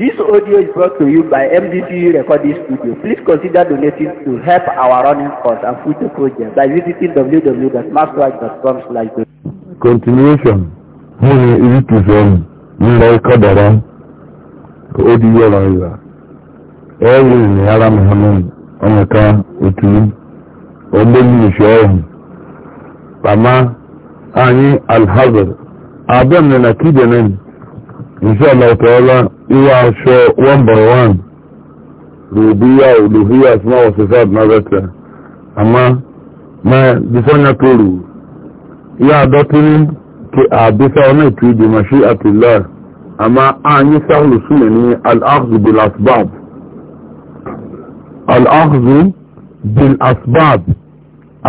This audio is brought to you by MDCU Recording Studio. Please consider donating to help our running costs and future projects by visiting www.maxwatch.com slash Continuation. Mo ní ibi tó sọ̀rọ̀ nílò ẹ̀kọ́ dára ó di yọ̀rọ̀ ìlà. Ẹ wò ní ara Muhammed ọmọka òtún ọgbẹ́ni ìṣọ́ ọ̀hún. Bàmá anyị alhazard abẹ́mìnà kíjẹ̀ náà inshallah ta'ala ìwà aṣọ one by one rògbìyà olùhíyà tí wọ́n wọ̀ sí sáà náà bẹ́tẹ̀ àmọ́ mẹ́ bisọ́nyà tóru ìyá àdọ́tíní kí àbísà ọ̀nà ètò ìdè màṣí àtìlá àmọ́ àyín sáàlù sílẹ̀ ní al-akhzu bil asbab al-akhzu bil asbab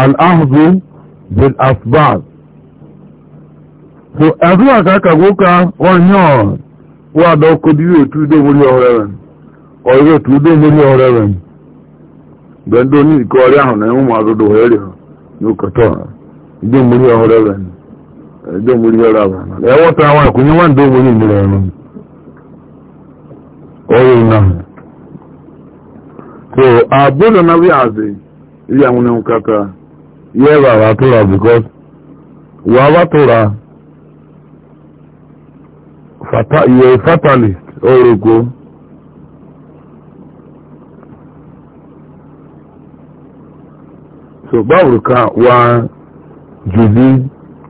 al-akhzu bil asbab so azụwa ka aka gwoka onye wada ọkụdịrị otu udo mori ọrịa ọrịa otu udo mori ọrịa mgbe ndị onye ọrịa ahụ na enwe ụmụ azụdụ were n'ụkọtọ udo mori ọrịa udo mori ọrịa ewọta nwa akwụnye nwa ndị omori ọrụ ọrụ na so abụrụ na bịa azị ịrịa nwụne nkata ihe Fata, you are a fatalist, Orogo. So, báwo ka wá jùdí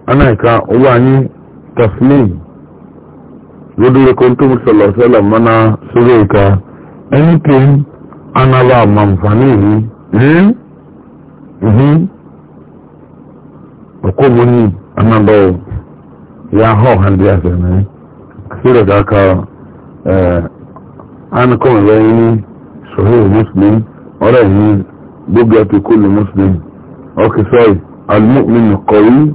anáìka owó taslim lódúró kan tó mana sọlọ mọ́ná sórí ìka anything anáwó àmàǹfààní yìí hmm? hmm? ọkọ̀ mọ́ni anábọ̀ yà hàn hàn díẹ̀ سورة داكا أنا آه، كون رأيني صحيح مسلم ورأيني بقية كل مسلم أوكي صحيح المؤمن القوي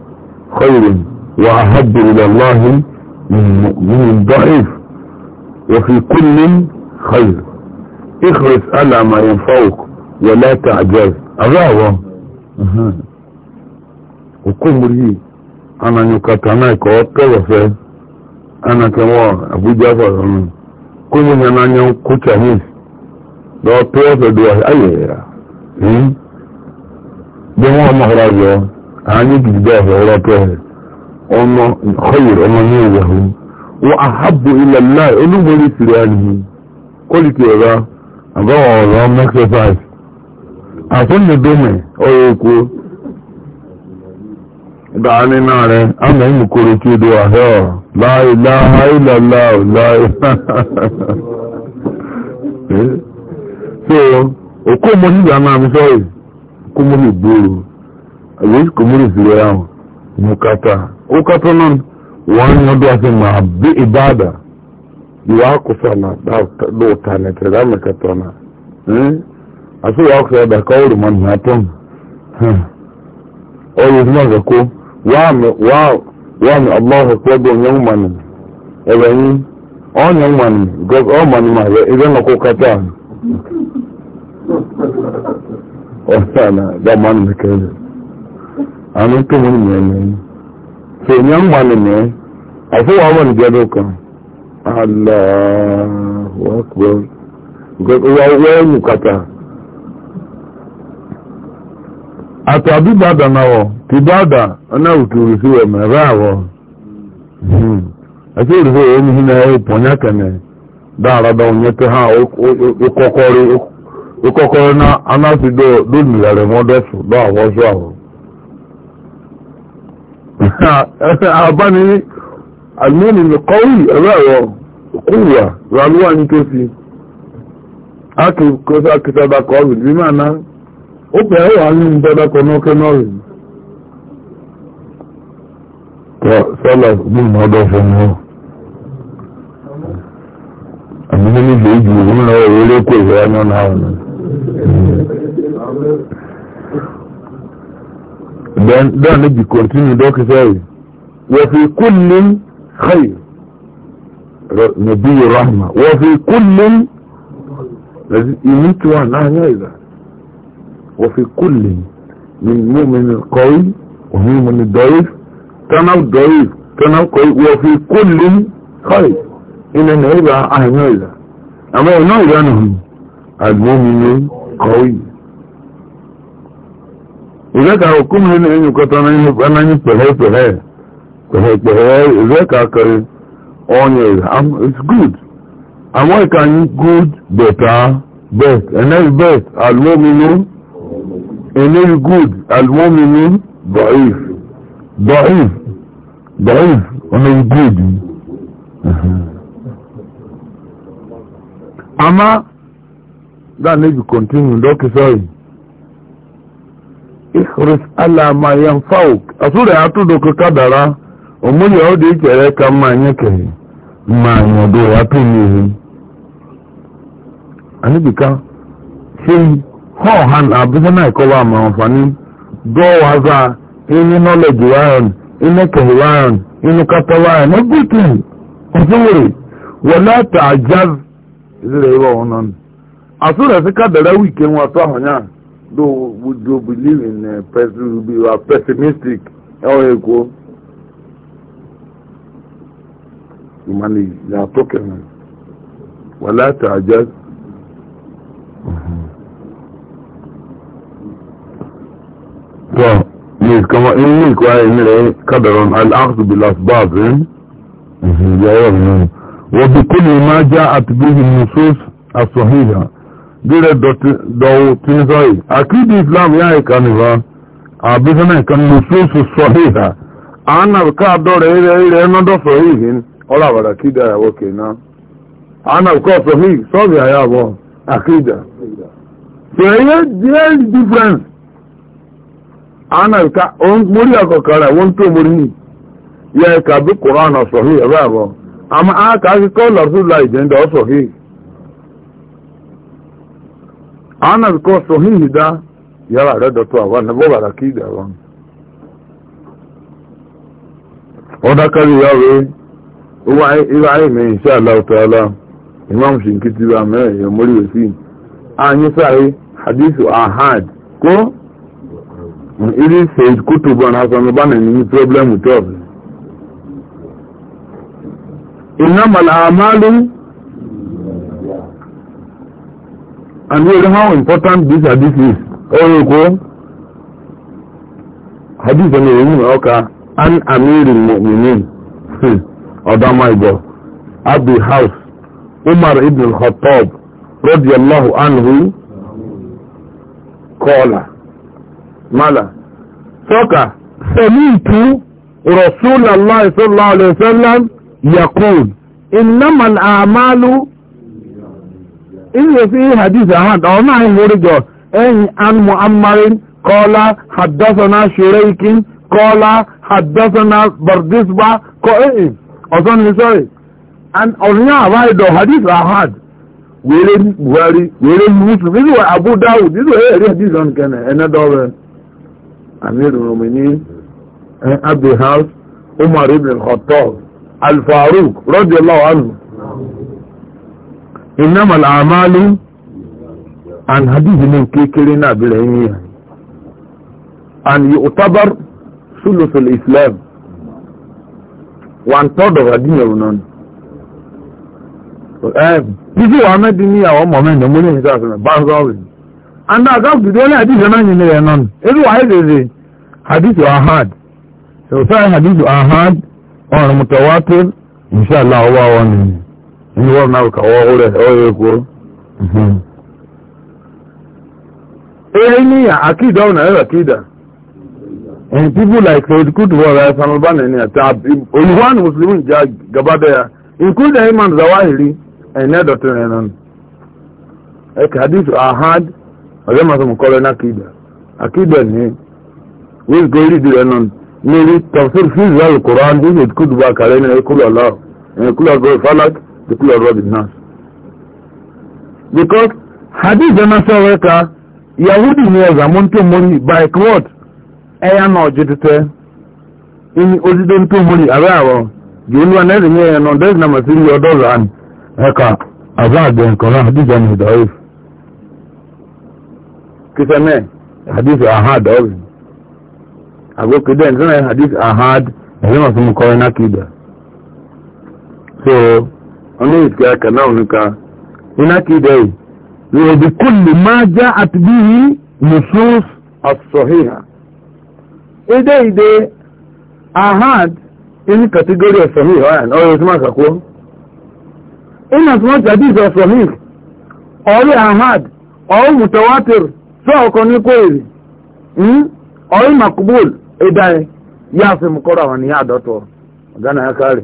خير وأحب إلى الله من مؤمن ضعيف وفي كل خير اخرس على ما ينفوق ولا تعجز أغاوة وكم ريه أنا نكتناك وطرفه ana kanwa abuja faɗin kuma yana yan kuka ne da wata yasa da wasu ayyara don wa maharajo a hanyar gida ya fara ta ọmọ kọyìrì ọmọ ní ìyàwó wọn àhábò ilẹ̀ náà olúborí síríà nìyí kọ́lìkì ọ̀rọ̀ àbáwọ̀ ọ̀rọ̀ mẹ́sẹ̀sáì àfúnnidómẹ̀ ọ̀rọ̀ oko dàní náà rẹ̀ àmì ìmùkúrò kí odò àhẹ́ ọ̀ láìláha ìlàlá ò láì so òkú mo ní ìgbà máa mi sọ́rọ̀ kó mo lè gbòòrò àyè kò mú lè fìwé àwọn mo kàtà ó kàtà náà wọ́n ń yọdọ̀ àti màá bí ìbáàdà ìwà àkọsọ náà lóòótá nìkẹ́ dáàmì kàtà náà àti ìwà àkọsọ ẹ̀dà kọ́ òrùmọ̀ nìyàtọ̀ ọ̀rọ̀ wàmì ọlọ́hù pẹ́gbọ́ ọ̀nyẹ́wùmánì ẹ̀rẹ̀yìn ọ̀nyẹ́wùmánì gọ́ọ̀sì ọ̀mánì mà rẹ̀ ẹ̀rẹ́ nà kó kátà ọ̀sánà dàmánì nìkẹ́rẹ́ àmì tó mú nìyẹn nìyẹn tó ọ̀nyẹ́wùmánì kibada anawuturusi wa merawo hmm. ati orusi wa hina ya uponya kene dara da onye ha ukokori ukokori na anasi do do nilare modesu do na awo abani almuni alqawi rawo quwa rawo nitosi aki kosa kisada ko bi mana na pe ni ndoda ko no sọ́lọ̀ gbìmọ̀ ọdọ̀ fún un àmì nínú ìgbè ìjì òun lọ èrè lókè ìwé ẹnu náà nù. dáa níbi kọ̀ntínú dókítà yìí wọ́n fi kúlù xayì nàbí rahma wọ́n fi kúlù ìmútuwà náà yóò ìgbà wọ́n fi kúlù ní mímú mi kọ́wé òun mi dọ́yìí tọ́nà dọ́yì tọ́nà kọ́ wọ́n fi kó lé kọ́ì ilẹ̀ náà ìgbà àìmọ́ ìlà àmọ́ ọ̀nà ìlànà àgbọ̀nmi ní kọ́ì. ìrẹ́ka òkú mi ní ẹ̀yìn kọ́tọ́ náà ní pẹ̀lẹ́pẹ̀lẹ́ pẹ̀lẹ́pẹ̀lẹ́ ìrẹ́ka kẹrin ọ̀nyẹ̀ ìlà it's good àmọ́ ìka ní good better best ẹ̀nẹ́rì best àlùmọ́mi ní ẹ̀nẹ́rì good àlùmọ́mi ní bọ̀ìf. dọ̀ìv dọ̀ìv ọ̀nà ìgbéèdì àmá dáa níbi kọ̀ntínú lọ́kì sọ́rì ìhùrùs alàmà yẹn fáwọk àtúrẹ̀ àtúndòkè kádàrá òmúlẹ̀ ọdún ìkẹrẹ ká máa yẹn kẹrẹ máa yẹn ọdún àtúndò yẹn àníbìká ṣe hàn àbúsẹ́ náà ìkọ́wà àmà ọ̀fà ní dọ́wọ́ inu knowledge wa ahụ inú ekele inu ahụ inú kata wa ahụ everything ọsụwere wọle ata ajaz ezere ịwa ọnụ nụ asụrụ esi kadara wike nwa atọ ahụ nya though would you believe in eh, uh, pessimism you are pessimistic ya ekwuo humanity they wọle ata ajaz. كما إني كوائن قدر الأخذ بالأسباب وبكل ما جاءت به النصوص الصحيحة دير دو تنزوي أكيد الإسلام يا إكانيفا أبيسنا كان النصوص الصحيحة أنا بكا دور إيه إيه أنا دو صحيحين أولا بدا كده يا وكينا أنا بكا صحيح صحيح يا أبو أكيد فهي دي الديفرنس ana ka on muri ako kara won to ya ka bi qur'an sahih ba ba amma a ka ki ko rasulullah din da sahih ana ko sahih da ya ra da to wa na bo ba ki da wa oda ka ri ya we wa e, ila ai e me insha Allah ta'ala imam shinkiti ba me ya muri wasi an yi sai e, hadithu ahad ko even ili Said Kutubu anasomebana no problem twelve inama al-amalu and you know how important this hadith is oyo oh, ko hadith ni ni oka an amirul mu'minin hmm, odama ibo Abu house umar ibn al-khattab radiyallahu anhu qala mala soka samitu rasulullahi sallallahu alaihi wasallam yaqul innamal a'malu inna fi hadith ahad aw ma yuridu an an mu'ammarin qala haddathana shuraikin qala haddathana bardisba qa'in e, e. ọ̀sán ni sọ́rọ̀ and ọ̀rìn àwá ìdọ̀ hadith ahad wèrè buhari wèrè muslim nínú àbúdáwù nínú ẹ̀rí hadith ọ̀nkẹ́nẹ̀ ẹ̀nẹ́dọ́rẹ́ amir nomini eh, abu house umar ibn khattab al-faruq radiyallahu anhu innama al-amalu an hadithi min kekere na bere yin ya an yu'tabar sulus al-islam one third of adini runan eh bisi wa amadi ni àwọn mo men mo ni sa so ba so and as of today only hadith náà yìí nìyẹn náà ebi wàá ẹsẹ ẹsẹ hadith are hard so sorry hadith are hard ọ̀rọ̀ mutawatir inshallah ọwọ́ àwọn nìyẹn ní wọ́n náà kà wọ́n rẹ̀ ọ̀rẹ́ ẹ̀kọ́. Eyi ni mm-hmm. akida ọ̀nà ẹ̀rọ akida. And people like war," as Sayyid Qutb or Hassan al-Banna ni ati olùwànù Mùsùlùmí jà gabadaya including Imam Zawahiri ẹ̀nẹ́dọ̀tún ẹ̀nà. Ẹ̀ka hadith hard ọ̀rẹ́ máa sọ̀mù kọ́lọ́ ní akídà akídà ni wíìlì kò rí ìdílé nù níbi tọ̀síìrì fíìlì wà lùkùrọ̀ àwọn tó ń ṣètìkú dùbò àkàrẹ́ ní ẹ̀kúlù ọ̀la ẹ̀kúlù ọ̀gọ́ ìfọ́lák ìkúlù ọ̀rọ̀ bì náà. because hadith ẹ̀ma sọ̀rọ̀ ká yahudi ni ẹ̀zà mú tó mórí by what ẹ̀yà náà jẹ́ tẹ́tẹ́ ìní ozidó tó mórí àbẹ́ àwọ̀ jùlọ wọn ẹ̀rìn kisame hadith ahad ọbẹ agoke den sọ hadith ahad ẹsẹ ma fún kọrin náà kìdá so ọdún yìí kíá kan náà nìka iná kìdá yìí yóò di kúlù máa já àtibíyí nusus asọ̀híhà ìdé ìdé ahad in category asọ̀híhà ọ̀yàn ọ̀rọ̀ ìsúnmọ̀ àkàkọ́ in as much as this asọ̀híhà ọ̀rẹ́ ahad ọ̀rọ̀ mutawatir sọ kan ní kó hmm? ọ̀rí makubul ẹ̀dáyẹ yá fi mú kọ́ra ya kárì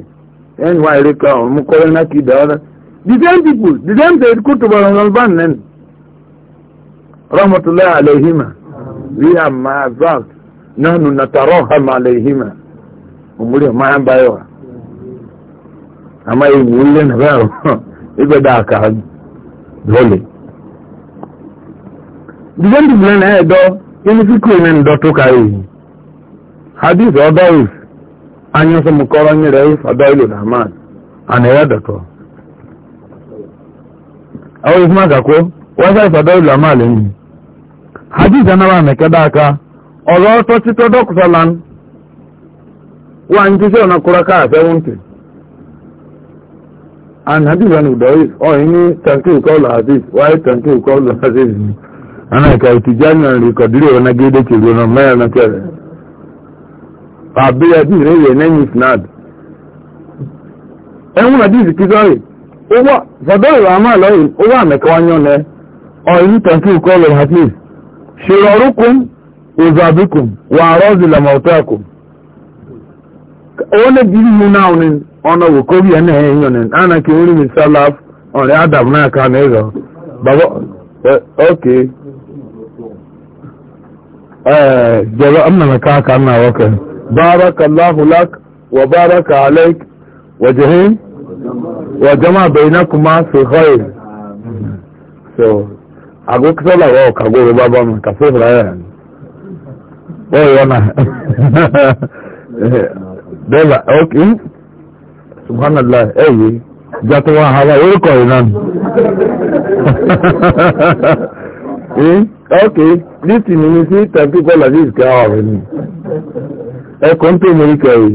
ẹ̀yìn wá èrè ká ọ̀rùn mú kọ́ra náà kì í dáwọ́dá the same people the same thing kó tó bọ̀rọ̀ ọ̀rọ̀ bá nẹ́ni rahmatulahi alayhima rí àmà azaz náà nù nàtàrọ̀ hàmà alayhima òmùrí ọ̀mà báyọ̀ àmà nàbẹ́ ìgbẹ́dà àkàrà dìgbẹ́ndì bìlẹ̀ náà ẹ̀dọ́ inú kíkú ẹ̀mí ẹ̀dọ́ tó ka èyí hadith ọ̀dọ́ ìf anyọ́sọmọkọ́rọ́ nyẹrẹ ìf ọ̀dọ́ ìlú rahman ànẹ́rẹ́ dọ̀tọ̀ àwọn ìfún àkàkọ́ wọ́n sá ìf ọ̀dọ́ ìlú rahman lẹ́yìn hadith anáwó àmẹ́kẹ́dá aka ọ̀rọ̀ ọ̀tọ́ títọ́ dọ́kùsọ̀lan wọ́n jíṣẹ́ ọ̀nà kúrọ́ káàfẹ́ wọ́ntì and hadith oh, anudọ́ hadith wáyé tẹ̀ǹkì ìkọlù hadith ana ka utijana likadiriwa na gede chilo na maya na kere abia di rewe na nyis nad ehun na dizi kizori owa fadoro ama loyin owa me ka wanyo ne o ilu tanki ko lo hafiz shirarukum uzabikum wa arazi la mautakum ona diri mu na onin ona wo ko bi ana ehin onin ana ke ori mi salaf ona adam na ka ne eh, okay جزاء منك عنا وكه بارك الله لك وبارك عليك وجهين وجمع بينكما في خير so ago kisola wo kago ro baba mi ka se fura ya ni o yo na bela okay subhanallah eyi jato wa hawa o ko ina eh Okay, this is ministry that people eh, eh? eh, like this guy already. Ẹ kọ́ ń tó mori kẹ́rì.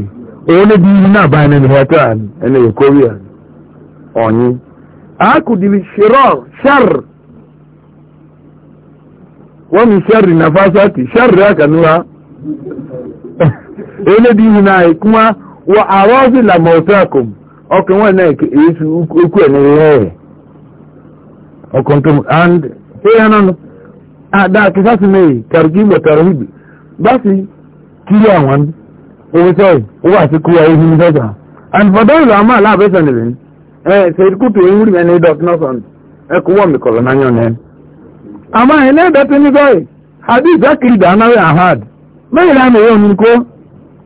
Owó ló di ibi náà báyìí nínú Hẹ́tà ẹni Ìkóríà ọ̀yin. A kò dìbì ṣèrọ̀ ṣẹ́r. Wọ́n mi ṣẹ́rì na fásitì ṣẹ́rì àkànúra. Owó ló di ibi náà kuma wọ àrọ́sì làmọ̀ Ọkùnrin wọn náà èyí su okú ẹ̀ ní rẹ̀. Ọkùnrin tó and ṣé yẹn náà. àdá ah, kìsásí mẹ́rin tẹ̀rùkìmù tẹ̀rùhìbì bá sì kírí àwọn owó sẹ́yìn owó àti kúrò ayé nínú and for those àmọ́ aláàbẹ̀sẹ̀ nìlẹ̀ ẹ ṣèkútù ewúrì mẹ́ni dọ̀tí náà sọ̀n ẹ kú wọ́n mi kọ̀lọ̀ náà yàn nẹ́ẹ̀. àmọ́ ilé ìdọ̀tí ní sọ́yìn àbí ìjákiri dánáwé ahad mẹ́rin àmì yóò ní kó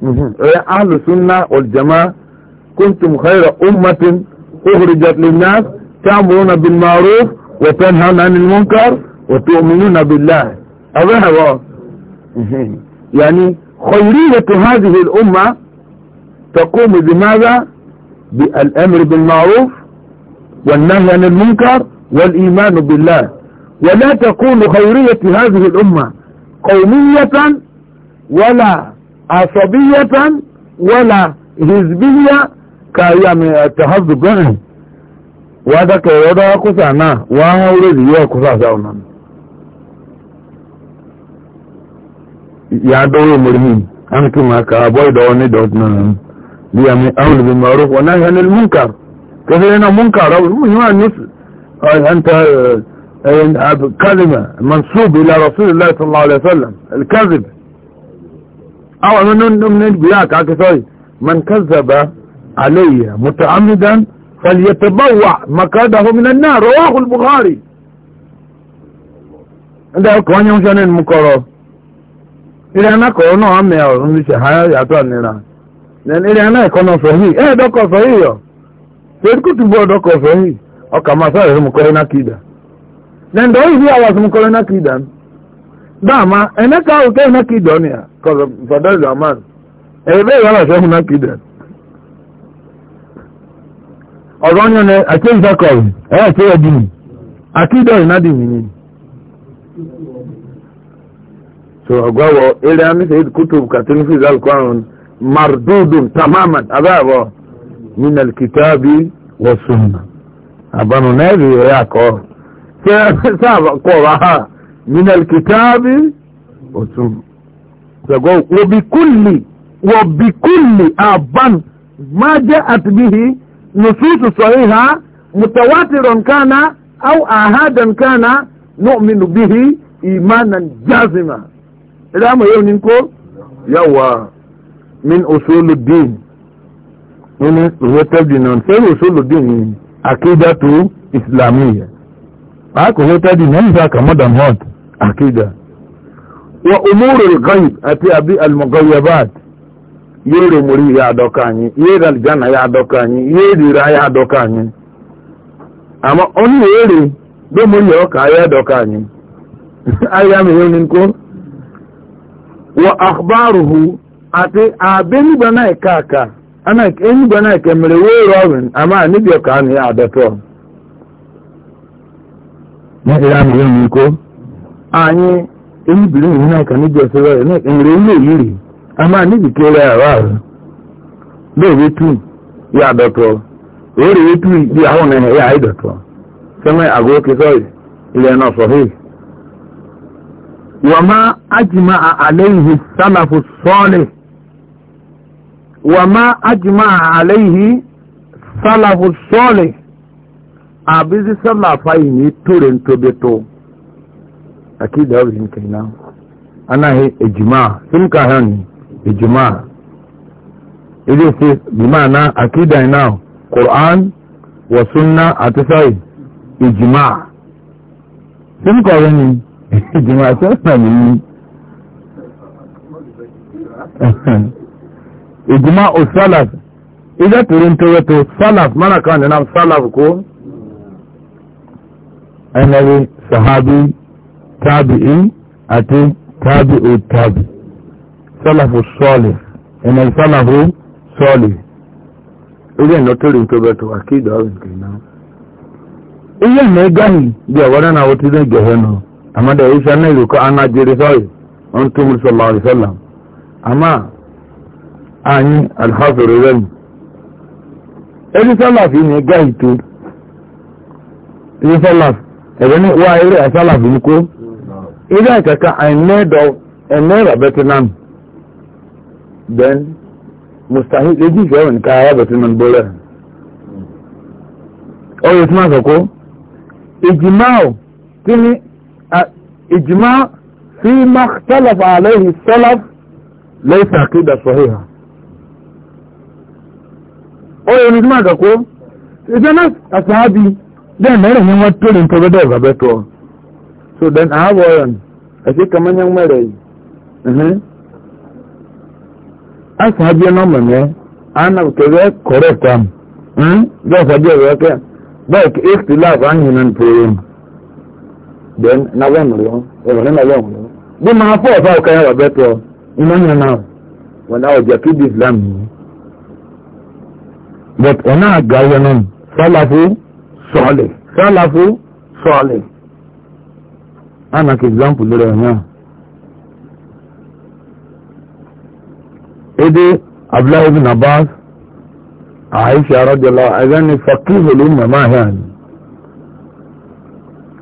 mhm. ẹ alùsùnà ọ̀jẹ̀má kúntùm xẹ́rọ ummatin uhurujat linnas tààmùrún abilmaruf wọ́pẹ́ hàn وتؤمنون بالله أبهوا يعني خيرية هذه الأمة تقوم بماذا بالأمر بالمعروف والنهي عن المنكر والإيمان بالله ولا تكون خيرية هذه الأمة قومية ولا عصبية ولا هزبية كأيام التهذب وهذا كيوضا كسانا وهو الذي يوضا كسانا ya dole murhi an kuma ka boy da wani da wannan li ya mai aul bil ma'ruf wa nahy anil munkar kaza yana munkar abu yana nus anta كلمة منصوب إلى رسول الله صلى الله عليه وسلم الكذب أو من بياك عكسوي من كذب علي متعمدا فليتبوع مكاده من النار رواه البخاري عندها كوانيا مشانين مقرر iri ana kọrọ náà amẹ ọrùn ní ṣe àyà yàtọ nira then iri ana ẹkọ náà fẹhí ẹ dọkọ fẹhí yọ fẹkùtù bọ dọkọ fẹhí ọkà máa sáré mu kọrẹ náà kìdá then dọwọ ìdí àwọn àti mu kọrẹ náà kìdá dáàmà ẹnẹ ká òkè náà kìdá ni kọrọ fọdọ ìlú amán ẹyẹ bẹẹ so agwawo ile ani sayid kutub katun fi zal zalqan mardudun tamaman agwawo min alkitabi wa sunna abanu nabi yako sasa kwa wa min alkitabi wa sunna so go wa bikulli wa bikulli aban ma ja'at bihi nusus sahiha mutawatiran kana au ahadan kana nu'minu bihi imanan jazima idan mu yau nin ko yawa min usuluddin wani ruwatar di nan sai usuluddin ne akida to islamiyya ba ku di nan za ka hot akida wa ghaib ati abi al mughayyabat yere muri ya doka anyi yere ya doka anyi yere ya doka amma on ka ya doka wa akhbaruhu ati abeni bana ikaka ana eni bana we ama ni bi ka ni adato na ira mi yo ni ko anyi eni bi ni na ka ni bi so re na emre ni yiri ama ni bi kere ara do we tu ya adato ori we tu bi na ya adato so ile na وما أجمع عليه السلف الصالح وما أجمع عليه السلف الصالح أبيز سلفين تورن تبتو أكيد هذا يمكن أنا هي إجماع سمك هني إجماع إذا بمعنى أكيد هنا قرآن وسنة أتساي إجماع سمك هني ìgbìmọ̀ àtọ́nà ní ìgbìmọ̀ òsálàf ìjẹ́ torí ń tẹ́wẹ́ tó sálàf mọ́nà kan nínú sálàf kó ẹnẹ́rí sàhábí tábìí àti tábì ò tábì sálàfù sọ́ọ̀lì ẹnẹ́rí sálàfù sọ́ọ̀lì ìjẹ́ ìná torí ń tẹ́wẹ́ tó àkídọ̀ ọ̀rìn kìnnà ìjẹ́ ìná gáyìn bí ọ̀wọ́dá náà wọ́n ti dẹ́ náà amma da isa na yi ana jere sai an tumur sallallahu alaihi wasallam amma an yi alhafi reren ẹni sálàfí ni ẹgbẹ́ ìtò ẹni sálàfí ẹ̀rẹ́ ní wá eré àsálàfí ní kó eré àkàkà àìmẹ́ẹ̀dọ̀ ẹ̀mẹ́ẹ̀rà bẹ́tínám then mustahil lójú ìfẹ́ òní ká ara bẹ́tínám bọ́lẹ̀ ọ̀rọ̀ tí wọ́n sọ kó ìjìmáà tí ní ìjìmá sí mọ́tàlọ́fà àlẹ́yìn sọ́lọ́f lẹ́sà àkídà sọ́híhà ó yẹ ní tí máa kàkó ìjẹ́ náà àsáábí dẹ́n mẹ́rin yẹn wọ́n tó lè ń tọ́ bẹ́ẹ̀ bàbẹ́ tọ́ so then àábọ̀ ọ̀rọ̀ ẹ̀sìn kàmányán mẹ́rẹ̀ yìí àsáábí ẹ̀ náà mẹ̀mẹ́ ana kẹfẹ correct am bẹẹ fọdí ẹwẹ kẹ bẹẹ ìfìlà àfáàyàn náà pèrè mu then na wọn mu lọ na nínú ọlọrun lọ bí máa fọ ọfà ọkàn yàrá bẹ tọ iná yẹn náà wọn náà ọjà kí di islam yìí but ọ̀nà àga yẹn náà sálàfó sọ̀ọ̀lẹ̀ sálàfó sọ̀ọ̀lẹ̀ anak example lórí ọ̀nà ede abdullahi bin abbas aisha rajala ẹgbẹ́ ni fakir olùmọ̀ máa hẹ́ àná.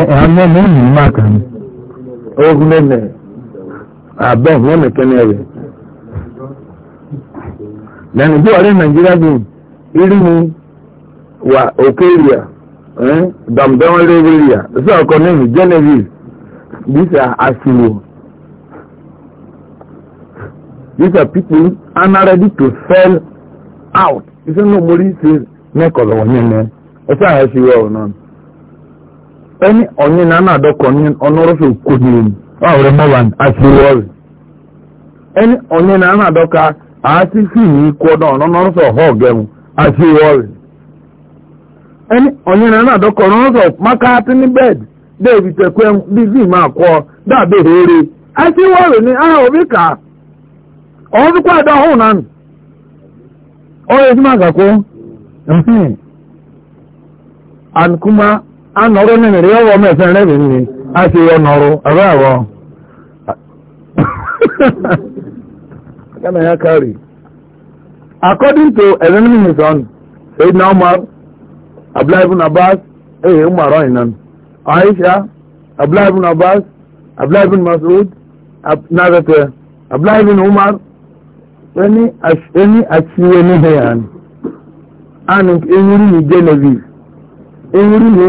ẹ̀hánmọ́ mọ́ ní máa kà ní. ogun mẹ́mẹ́ àbọ̀ mọ́mẹ́ kẹ́mẹ́ rẹ̀. lẹ́nu bí ọ̀rẹ́ nàìjíríà bí irú mi wà òkè ríà dàmdàmọ́ lẹ́wọ́ ríà sí ọkọ̀ nínú genevieve these are asiwo these are people are not ready to sell out. ìṣẹ́ náà mo rí ṣe mẹ́kọ̀ọ́ lọ́wọ́ yẹn náà ẹ̀ṣẹ́ àyẹ̀ṣẹ́ ìwé ọ̀rọ̀ náà. ẹni ọ̀nyin náà náà dọ́kọ̀ ní ọ̀nọ́rọ́fẹ́ kòhìrìm ọ̀rẹ́ mọ́wàn àti wọ́ọ̀rì ẹni ọ̀nyin náà náà dọ́kà àti fíìmù ikú ọ̀dọ̀ ọ̀nọ́rọ́fẹ́ ọ̀họ́ọ̀gẹ́mu àti wọ́ọ̀rì ẹni ọ̀nyin náà náà dọ́kọ̀ ọ̀nọ́rọ́fẹ́ mákàtí ní bẹ́ẹ̀dì déèbì tẹ̀kọ́ ẹ̀mú bí zim àkọ́ dàbí rere ni a ò bí kà ọ̀ọ́dúnkọ́ àdá ọ̀hún náà anọ̀rọ̀ nínú rí ọwọ́ mẹ́fẹ́ rẹ̀rẹ̀ ni a ti yọ nọ̀rọ̀ ọ̀rọ̀ àwọ̀ kánà ya kárì according to ẹ̀rẹ́nìmí nìsan èyí na umar abdullahi abbas èyí eh, umar ọ̀yìnan aisha abdullahi abbas abdullahi masoud nazate abdullahi umar ẹni àṣìwẹ́ ní hẹ́yàn and ẹni rí ní genevieve ẹni rí ní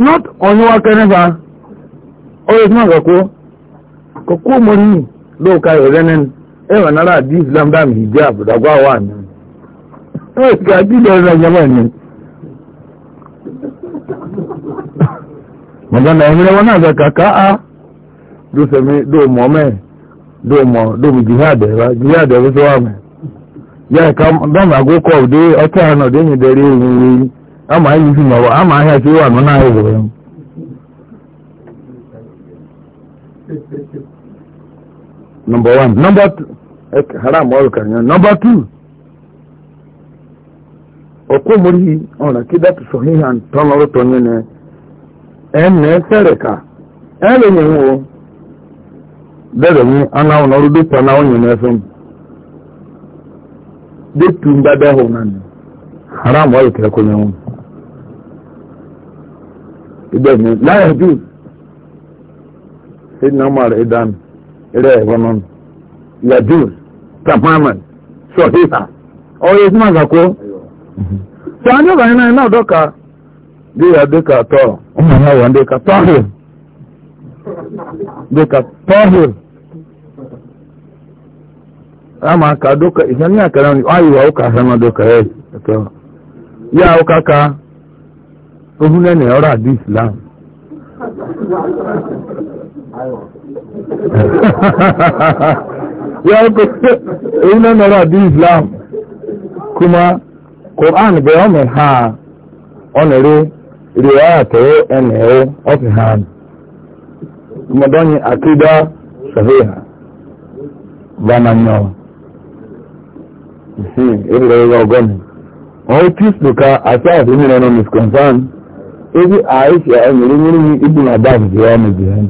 not onye waka neba oye kuma koko kako mori ka irenen ewa nara adi islam dam hijab da gwa wa ni ewa ka adi da na jama ni na ẹ̀mí lẹ́wọ́n náà sọ kàkà á ló sẹ́mi ló mọ̀ mẹ́ ló mọ̀ ló mi jihad ẹ̀rọ jihad ẹ̀rọ sọ́wọ́ mẹ́ yẹ ẹ̀ka dọ́mà na òde ọtí àná òde yìí ama anyị isi n'ọwa ama ahịa ka iwe nọ naghị zụrụ ya number one number two haram ọrụ ka nyere number two mụrụ ihe tọnye na ẹnna ẹsẹrẹ ka dịkwa m hụ na haram ọrụ ka e ìdẹ̀mí láyọ̀ jù ilé ẹ̀fọ́ náà sọ̀híhà ìsúná sọ àwọn iná iná ọ̀dọ́ka bí i tọ́ ọmọ tọ́hìr tọ́hìr ama ka doka doka ohun lẹ́nu ọ̀rọ̀ àdé islam. yàrá kò sí ohun lẹ́nu ọ̀rọ̀ àdé islam kuma quran bẹ ọmọ ha ọnẹrẹ rẹ àtẹwọ ẹnẹwọ ọfẹ ha mọdọnyi akida sọfẹha bàmányọ ìsìn ìrẹ̀lẹ̀ ọgọ́ni. All peace look at aside, women are Ebi aisha ẹnyẹrẹ nwere ibi na bá àbùjọ ọmọ ìbí hàn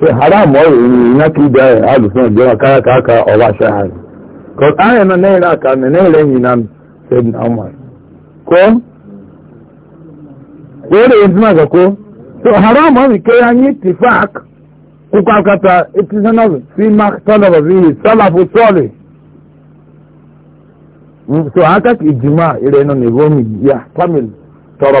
ṣe haram ọrọ ìrìn iná kí ìdá ẹ alùpùpù aka jẹun kárakáka ọba ṣáàrì kọ ayẹ na-ere aka na na ìlà ẹyìn na ṣẹbi náà wọn. kọ wọ́n lè tún so kọ ṣe haram ọrọ ìkẹ́ anyi tifak kókó akata etí mark tọ́lọ̀ so ire tọrọ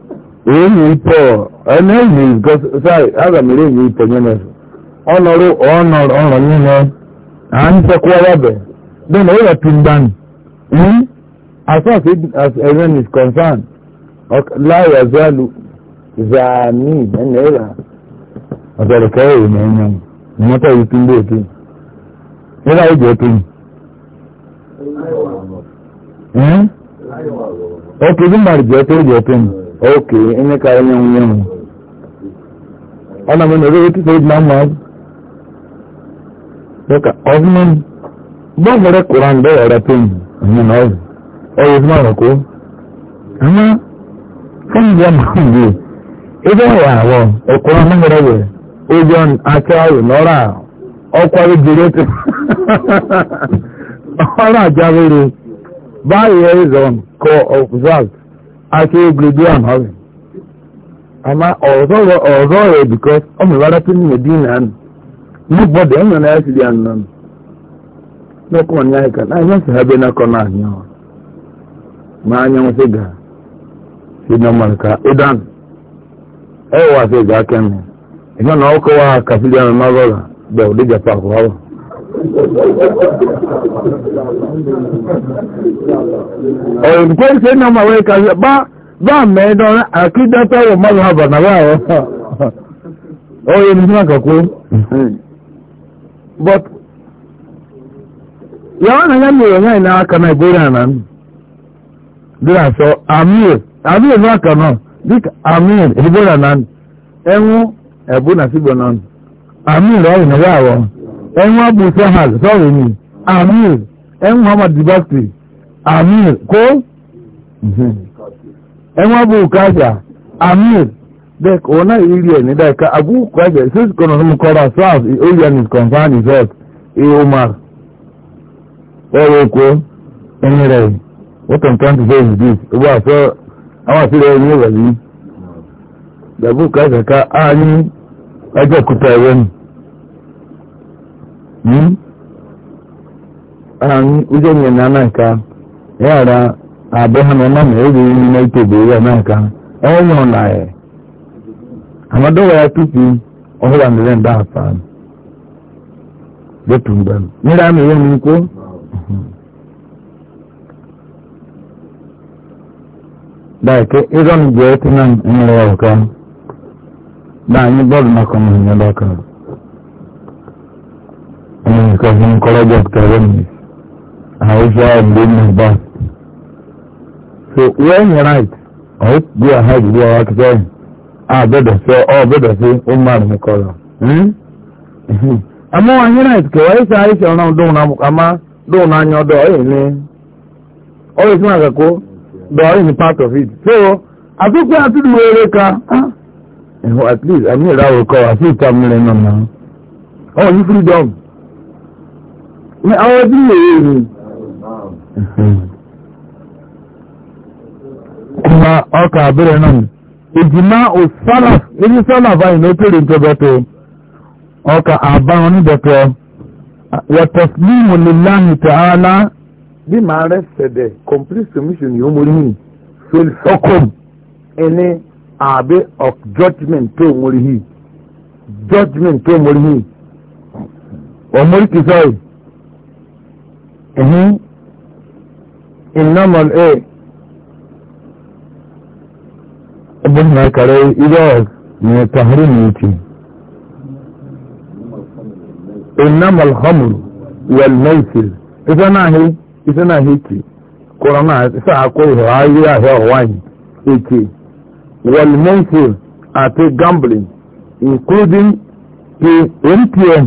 ehi pọ ẹni ehi gọsai aga mere ehi pọ nyere ọnọrụ ọnọrọ ọrọ nyere a ń sọkwa ọbẹ then ó yẹ tìǹbàn hmm as far as everyone is concerned láyé azalu zaani ẹni ẹra ọ̀sọ̀rọ̀ kẹrẹ ìrìn ẹ̀yàn ni wọ́n tẹ̀lé tí ń bò tó nígbà ó jẹ́ tó ní. ọkùnrin màrì jẹ́ tó ok ene ka nwunye m ọ na m nọrọ otu said na mma dọka ọzụma m bọ kụrụ kụra ọrịa pem onye na ọzụ ọrụ ozuma ama ọma mgbe ebe ọrụ ahụ ọkụrụ ọma ozi ọrụ n'ọrụ a ọkwa ejiri otu ọrụ baa ihe ake egwuregwu ahụ ọrịa ama ọzọ ọzọ ọrịa bikọs ọ mere ara tụ n'ime di na anụ n'ụbọdụ enyo na dị anụ nọ n'okwu ọnya anyị ka n'anya si ha bịa n'akọ n'anya ọ ma anya nwụsị ga si mmadụ ka ịdan ewa sị ga aka nọ ihe na ọkụ wa kasị dị anụ n'ọzọ ga dị ọdịja pa akwụkwọ ọ̀rọ̀ ìdíkẹ́ ìṣẹ́ náà máa wẹ́ ká bá bá mẹ́ẹ̀dán àkídátọ́rọ̀ na àbànà láàrọ̀ ọ̀rọ̀ ìdí sí àkàkó but ya mere yẹn mìíràn yẹn na kan na ìgbóyè àná na sọ amir amir na kan nọ dịka amir ìgbóyè àná ẹ̀wọ̀n na àti ìgbọ̀nà amir na ìnáwó àwọn. ẹ̀wọ̀n abu sahal sọ̀rọ̀ ni amir ẹ̀wọ̀n muhammad dibakri amir kó ẹ̀wọ̀n abu kasha amir dek ona iri ẹ̀ ní dẹ́ka abu kasha six kọ́nà kọ́ra sars orian is confirmed result e umar ẹ̀wọ̀n kó rẹ̀ what i'm trying to say is this àfẹ́ àwọn yìí abu kasha ká ẹjọ́ kúta Hmm? anyị ah, ụjọ nye na anaka yara abịa ha na ọma na ebe iri na itobo ya ọ na e. e ya amadowa ya tupu ọhụrụ amịrị mba afa dịtụ mba mmiri amịrị ya n'ukwu ịzọ ọka na anyị bọọlụ maka ọmụmụ ya ọmọ nǹkan fún kọ́lọ́jọ́ tẹ̀lé mi àwùjọ ọ̀gbìn ní bá. so when you right ọ̀ gbé ahead bí ọwọ́ akẹ́kẹ́ yìí a bẹ̀rẹ̀ sọ ọ bẹ̀rẹ̀ sí umar mi kọ́lọ̀. àmọ́ you yín right kẹwàá yìí sáré ṣe ọ̀nà na náà àmá na náà yan ọdọ ọ̀yìn ní ọ̀yìn sí àkàkọ́ dọ̀ ọ̀yìn ní part of it. so àtúkọ́ àti ìlú ere ka at least àmì ìràwọ̀ kọ́ àti ìtàmìlẹ̀ náà náà ọ̀ ní freedom. ní àwọn ọdún yìí ni kuma ọkà abẹ́rẹ́ náà ni ìjìmá òsálà ní sálà báyìí ló tèrè tó bẹ́tẹ̀ ọkà àbáwọn níbẹ̀tẹ̀ wọ̀tọ̀sílímù lèláhì tààlà bí màá rẹ̀ sẹ̀dẹ̀ complete submission yóò mórí yìí sórí sọ́kọ̀m ẹni àbẹ́ of judgment tó mórí yìí judgment tó mórí yìí wọ́n mórí ìnámọ ẹ ẹgbẹ́ mi kàrẹ́ ilé ọ̀ ní tàhírí ní ti ìnámọ alhamdu wẹ̀l mẹ́sìl iṣẹ́ náà hí iṣẹ́ náà hí ti kúrọ̀ náà sáà kó ìhọ̀ ayé àhẹ́ ọ̀wáyìn ètè wẹ̀l mẹ́sìl àti gambling including the mtn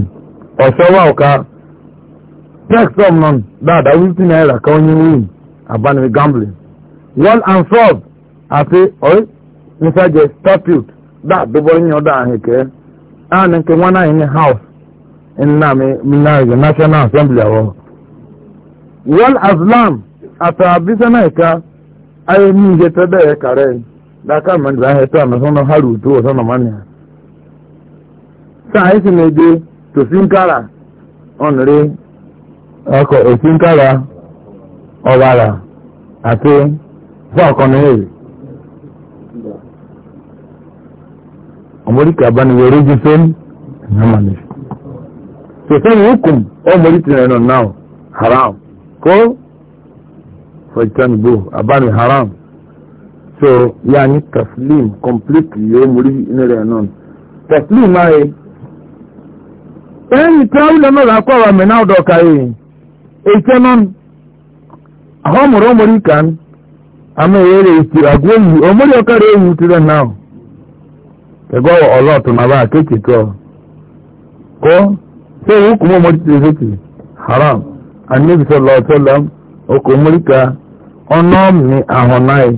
ọ̀ṣọ́wá ọ̀ka. text from none that I will see naira ka onye win abandon gambling. One and fraud ati oi nisaje statute that dubo onye ọdọ ahụ ke na nke nwa naanị ni house in mi minari the national assembly awọ. One aslam ata abisa na ika ayi mi je tebe ya kare da ka mmanụ bụ ahịa taa na sọnụ ha rutu na mmanụ ya. Saa anyị si na-eje tosi nkara ọnụrị ọkọ̀ òsínkàrà ọ̀bàrà àti fọ́ọ̀kọ́nìyèrè. ọmọdéka bá ní wẹ́rẹ́ jù fẹ́mi nàmà ní. sọ̀tẹ́ni hukum ọmọdé ti rẹ̀ nọ náà haram kó fọ̀jìtánibó abáni haram so yaani taslim completely yóò múrí inú rẹ̀ nọ. taslim ayé ẹni tí a wúlò mẹ́ta kọ́ wa mẹ́ná ọ̀dọ́ káyé yìí. ekyonon ahụ mụrụ omori ka n ama ere esi agwa eyi omori ọkara eyi utere na ahụ ọlọt ọlọtụ na ba aka ekekọ ko sai hukum omori tere zeki haram annabi sallallahu alaihi wasallam oko omori ka ọnụ ọmị ahụ naị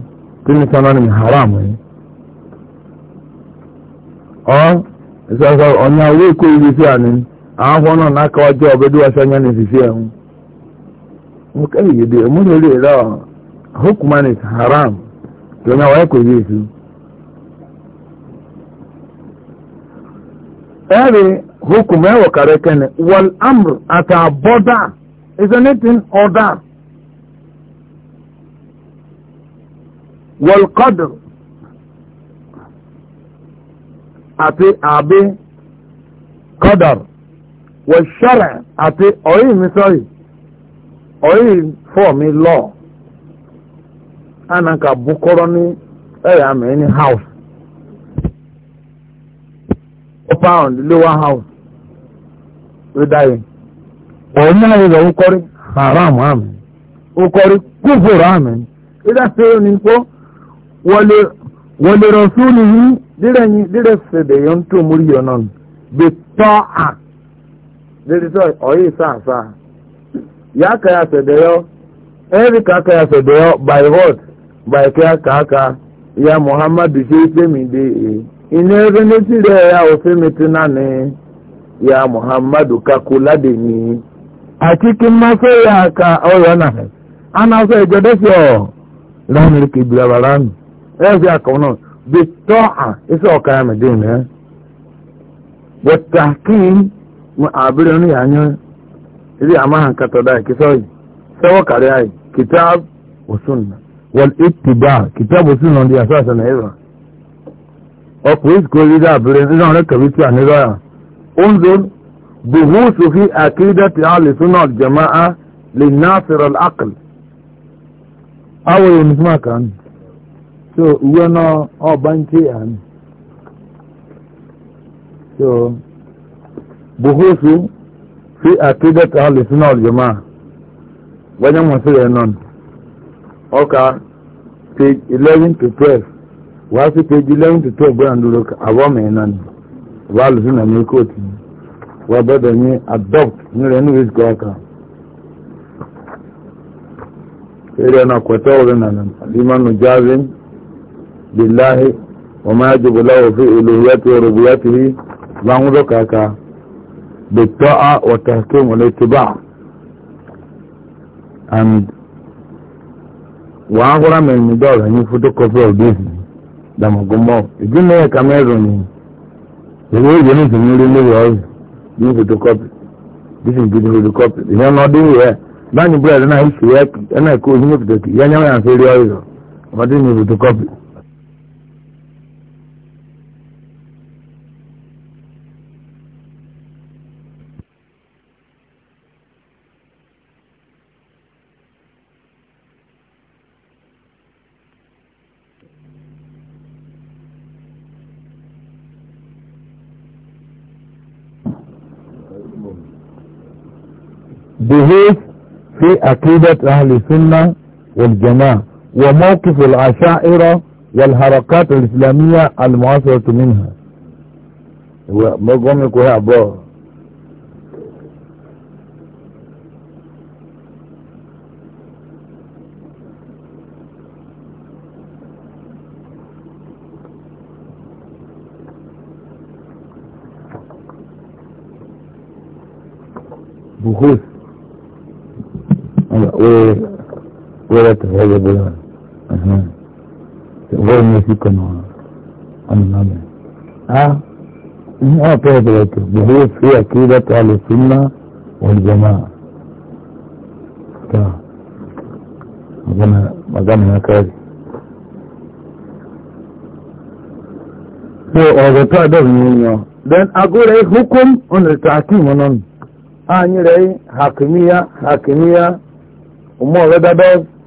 tinisa na ọnụ haram ọ ịsọsọ e e onye awo ekwe iri si anyị ahụ nọ n'aka ọjọọ bụ edu ọsọ anya n'esisi ahụ mukari yede mun le ra hukman is haram yana wa ko yesu ere hukum e wa kare ken wal amr at a border isn't it in order wal qadr ati abi qadar wal shar' ati oyin oyi fọm lọ ana ka bukọrọ ni ẹyà mẹ ni house pound house ridaye òun náà yẹ lọ ukọrí haram àmì amị. kúfòrò àmì ìdá sẹ́yìn ní kó wọlé wọlé rọ̀súlù yìí dírẹ̀ yìí dírẹ̀ fèdè yọ̀ ya tó nọ. yọ̀ náà bí tọ́ à dédé sọ ọ̀yẹ́ sáà ya ka ya sedeyo eri ka aka ya sedeyo by what by ka ka aka ya muhammadu ṣe ife mi de e ina ebe n'etire ya ofe meti nani ya muhammadu ka kula de ni a cikin ya ka ọrịa na ana so ejo desi ọ lọnà ke ibira bara mi ẹ fi akọ náà bi tọ́ à ife ya mi de mi ẹ wọ́n ta kí ni إذا أماها كتداي كسوي سوى كرياي كتاب وسنة والاتباع كتاب وسنة دي أساسا إذا أقويس كل إذا بلين إذا هناك كبيتي عن إذا انظر بغوث في عقيدة أهل السنة الجماعة للناصر العقل أول ما كان so uwe na ọbanche an so buhusu fi akidat ahlussunnah wal jamaa wani masira non oka page 11 to 12 wasi si page 11 to 12 gbe anduro ka abo me non wa ahlussunnah mikoti ko ti wa bada ni adopt ni re ni wis go ka ere na kwata ore na nan limanu jazim billahi wa ma yajibu lahu fi uluhiyatihi wa rububiyyatihi ba mu doka ka بالطاعة والتحكيم والاتباع and wàá kóra mẹ́rin ní dọ́ọ̀lù ẹ̀yìn photocopy of this dàmọ̀gọ́mọ́ ìgbìmọ̀ ẹ̀ka mẹ́rin ni ìwé ìwé ní ìsinmi rí lórí ọ̀rọ̀ bí photocopy this is good photocopy ìyẹn náà dín ìwé báyìí búrẹ́dì náà ìṣòwò ẹ̀ka ẹ̀ka ìkó ìyẹn ní photocopy ìyẹn ní wọ́n yàn fẹ́ rí ọ̀rọ̀ ọ̀dín ní photocopy. الزيف في عقيدة أهل السنة والجماعة وموقف العشائر والحركات الإسلامية المعاصرة منها ومقومك بخوث wéèrè wéèrè tó fẹ́ yẹ bóyá wọ́n ní sí kan náà ọ̀nà náà bẹ̀. a ní ọ̀pọ̀ ìbẹ̀rẹ̀ tó gbogbo fi àkíyèdá tó a lè fi ná olùjọba tó magana magana ya kare. so ọ̀rọ̀ tó àdọ́rùn yìí yàn then agúrẹ́ hukum ọ̀nà ìtàkì mọ́nà ààyè rẹ̀ hakimiya hakimiya. ụmụ ọrịa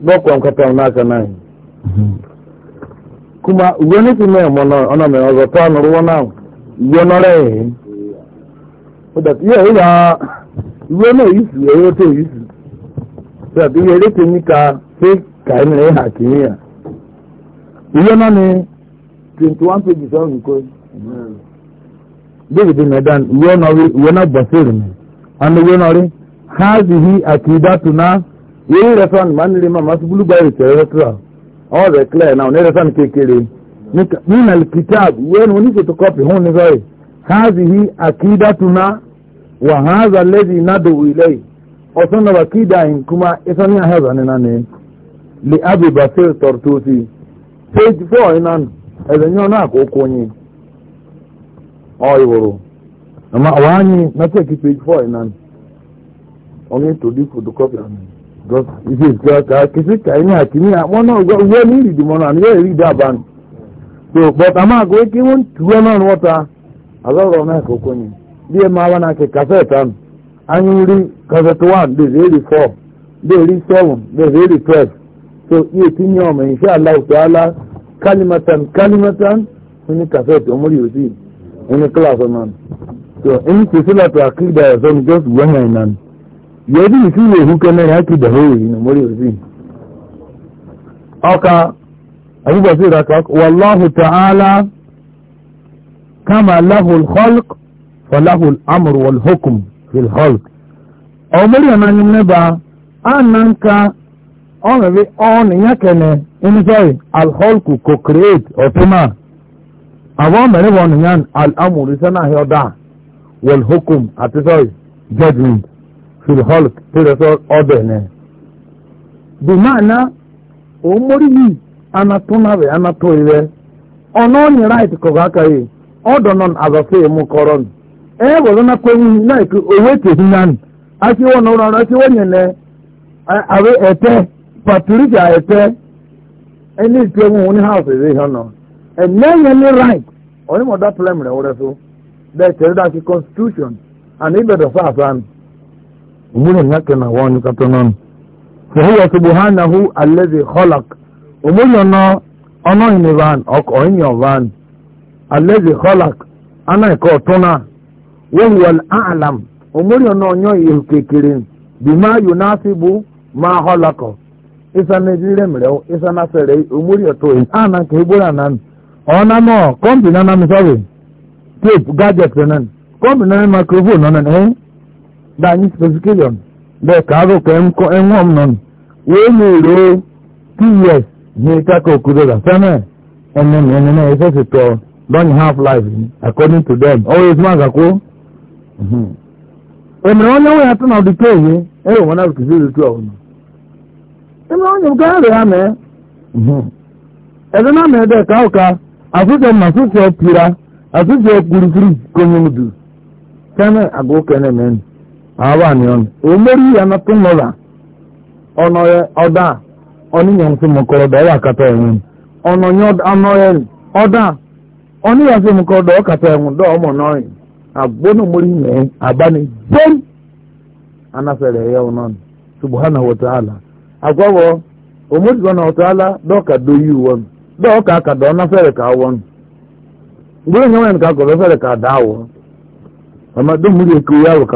dọkwa nkata n'aka naanị kuma uwe n'isi mee mụ na ọ na-eme ọzọ tọọ nụrụ wọn ahụ uwe nọrọ ehe ụdọtị ihe uwe na-eyisi otu eyisi ụdọtị ihe erite ka fe ka anyị na ịha ka ya uwe nọ 21 pages ọ david medan uwe nọrị uwe na gbasiri m anụ uwe nọrị ha na yìí rẹ̀sán máa ń lè máa masu búlúgbà ìrìtẹ̀ rẹ́tìrà all the clear now ní rẹ̀sán kékeré nínú alkitab yẹn wọn ní photocopy hún ní sọ́yì hazi hi akidatuna wa haza lezi nado ilẹ̀ ọ̀sán náà akida yìí kuma isa ní ahẹ́zà nínú ni lè abi basir tortosi page four iná ẹ̀sẹ̀ yẹn náà kó kó yín ọ̀ ìwòrò àmà wàá yín náà tẹ̀kí page four iná ọ̀gẹ́ tòdí photocopy àná ife ìtura ká kìsì kàí ní àkìní àwọn náà gbọ́ wọ́n ní ìrìdì mọ́nà àní yóò rí dábà ní. so pọ̀tà máa gbé kí wọ́n tu ẹ náà wọ́n ta alọ́rọ̀ náà kókó ni bí ẹ máa wá náà kẹ kàfẹ́ ìta nù anyi rí kàfẹ́tì one dèzè èrì four dèzè seven dèzè èrì twelve so iye tí ní ọmọ yìí ṣe aláwùtọ́ alá kálímẹ́tàn kálímẹ́tàn ní kàfẹ́tì ọmọ yìí sí ní kíláàsì náà so ẹni tẹ̀sílẹ̀ yẹ́dí ìsí ilé ìhúkẹ́ mẹ́rin á kì dẹ̀hó èyí nà mórí òsì ọkà àbúgbàsí ìrọ̀kà wàláhù tààlà kama láhù hulk fọláhù amúrù wọl hukum fil hulk ọmọdé ọ̀nà ni mẹ́ba a nà ń ka ọ̀nàbí ọ̀nà ìyá kẹ́nẹ̀ inú sọ́yì alhulk kò create ọ̀túnmá àwọn mẹ́rin wọn nìyàn alamúrù sẹ́nà àhẹ́ ọ̀dà wọl àti sọ́yì judgment في الخلق ترسل أدهنه بمعنى أمره أنا تنبي أنا تويبه أنوني رايت كوكاكاي أدنون أغفي مقرن ee wọ́n na kọ́ yìí náà kí owó tèmi nánu àti wọ́n náà rárá àti wọ́n yẹn lẹ àwẹ ẹ̀tẹ́ pàtúrìjà ẹ̀tẹ́ ẹni ìtura mu wọn ní house ẹ̀rẹ́ yẹn nọ ẹ̀nẹ́ yẹn ní umuri nake na wani katonon fahiya subhanahu alladhi khalaq umuri ono ono ini van ok oinyo van alladhi khalaq ana e ko tona wa huwa al-a'lam umuri ono onyo yukekirin bima yunasibu ma khalaqa isa ne jire mrew isa na sere umuri oto in ana ke bura nan ona no kombi na na mi sabe tape gadget nan kombi na microphone nan eh da anyị specification bẹẹ kaaro ka ẹnwọm nọ nù wọ́n mú ìró ps ní kakọ òkúrò rà sẹ́mẹ̀ ẹnìmí ẹnìmí ẹ̀ṣẹ̀ sì tọ don half life according to them always má kàkó. èmìrán wọn náwó yàtọ̀ náà di kéèyé ẹ yóò wọn náà kìí sí ìrètí ọ̀hún. èmìrán wọn yóò ká ẹrẹ hàn mẹ́ ẹ̀dẹ̀ náà mẹ́ẹ̀dẹ̀ káwọ́ ká àtúnṣe màtúnṣe pira àtúnṣe kúrúkúrú kọ́nyẹ́mùdù sẹ́mẹ̀ àgọ́ kẹ́nẹ́ mẹ́rin. awaani ɔnu omori yana tó nɔla ɔnɔ yɛ ɔda ɔni yɛn fi mu kɔrɔ dɔ ɔwɔ akata yɛ ŋun ɔnɔ nyɛ ɔnɔ yɛ ɔda ɔni ọmọ fi mu kɔrɔ dɔ ɔkata yɛ ŋun dɔ ɔmɔ nɔri agbɔnɔ omori yɛ abani gbɛn anafɛlɛ yɛ wɔn nɔni subahana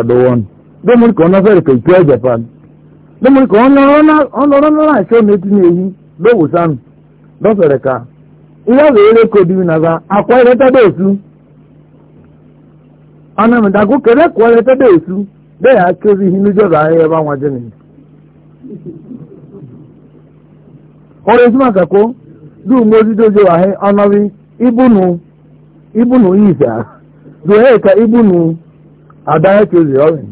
ka ka ndị mụrụ ka ọ nọfere ka ikpe japan ndị mụrụ ka ọ nọrọ nọrọ achọ n'eti na-ehi dowosanụ dọfere ka ihe ọzọ ere ka odiri na akwa eretada osu anamdagụ kere kwa eretada osu de ya akezi ihe n'ụjọrọ ahịa ebe anwa jenị ọrụ ezi maka kwuo dum ozido ojo ahịa ọnọbi ibunu ibunu yi sa zuhe ka ibunu ada ya kezi ọrịa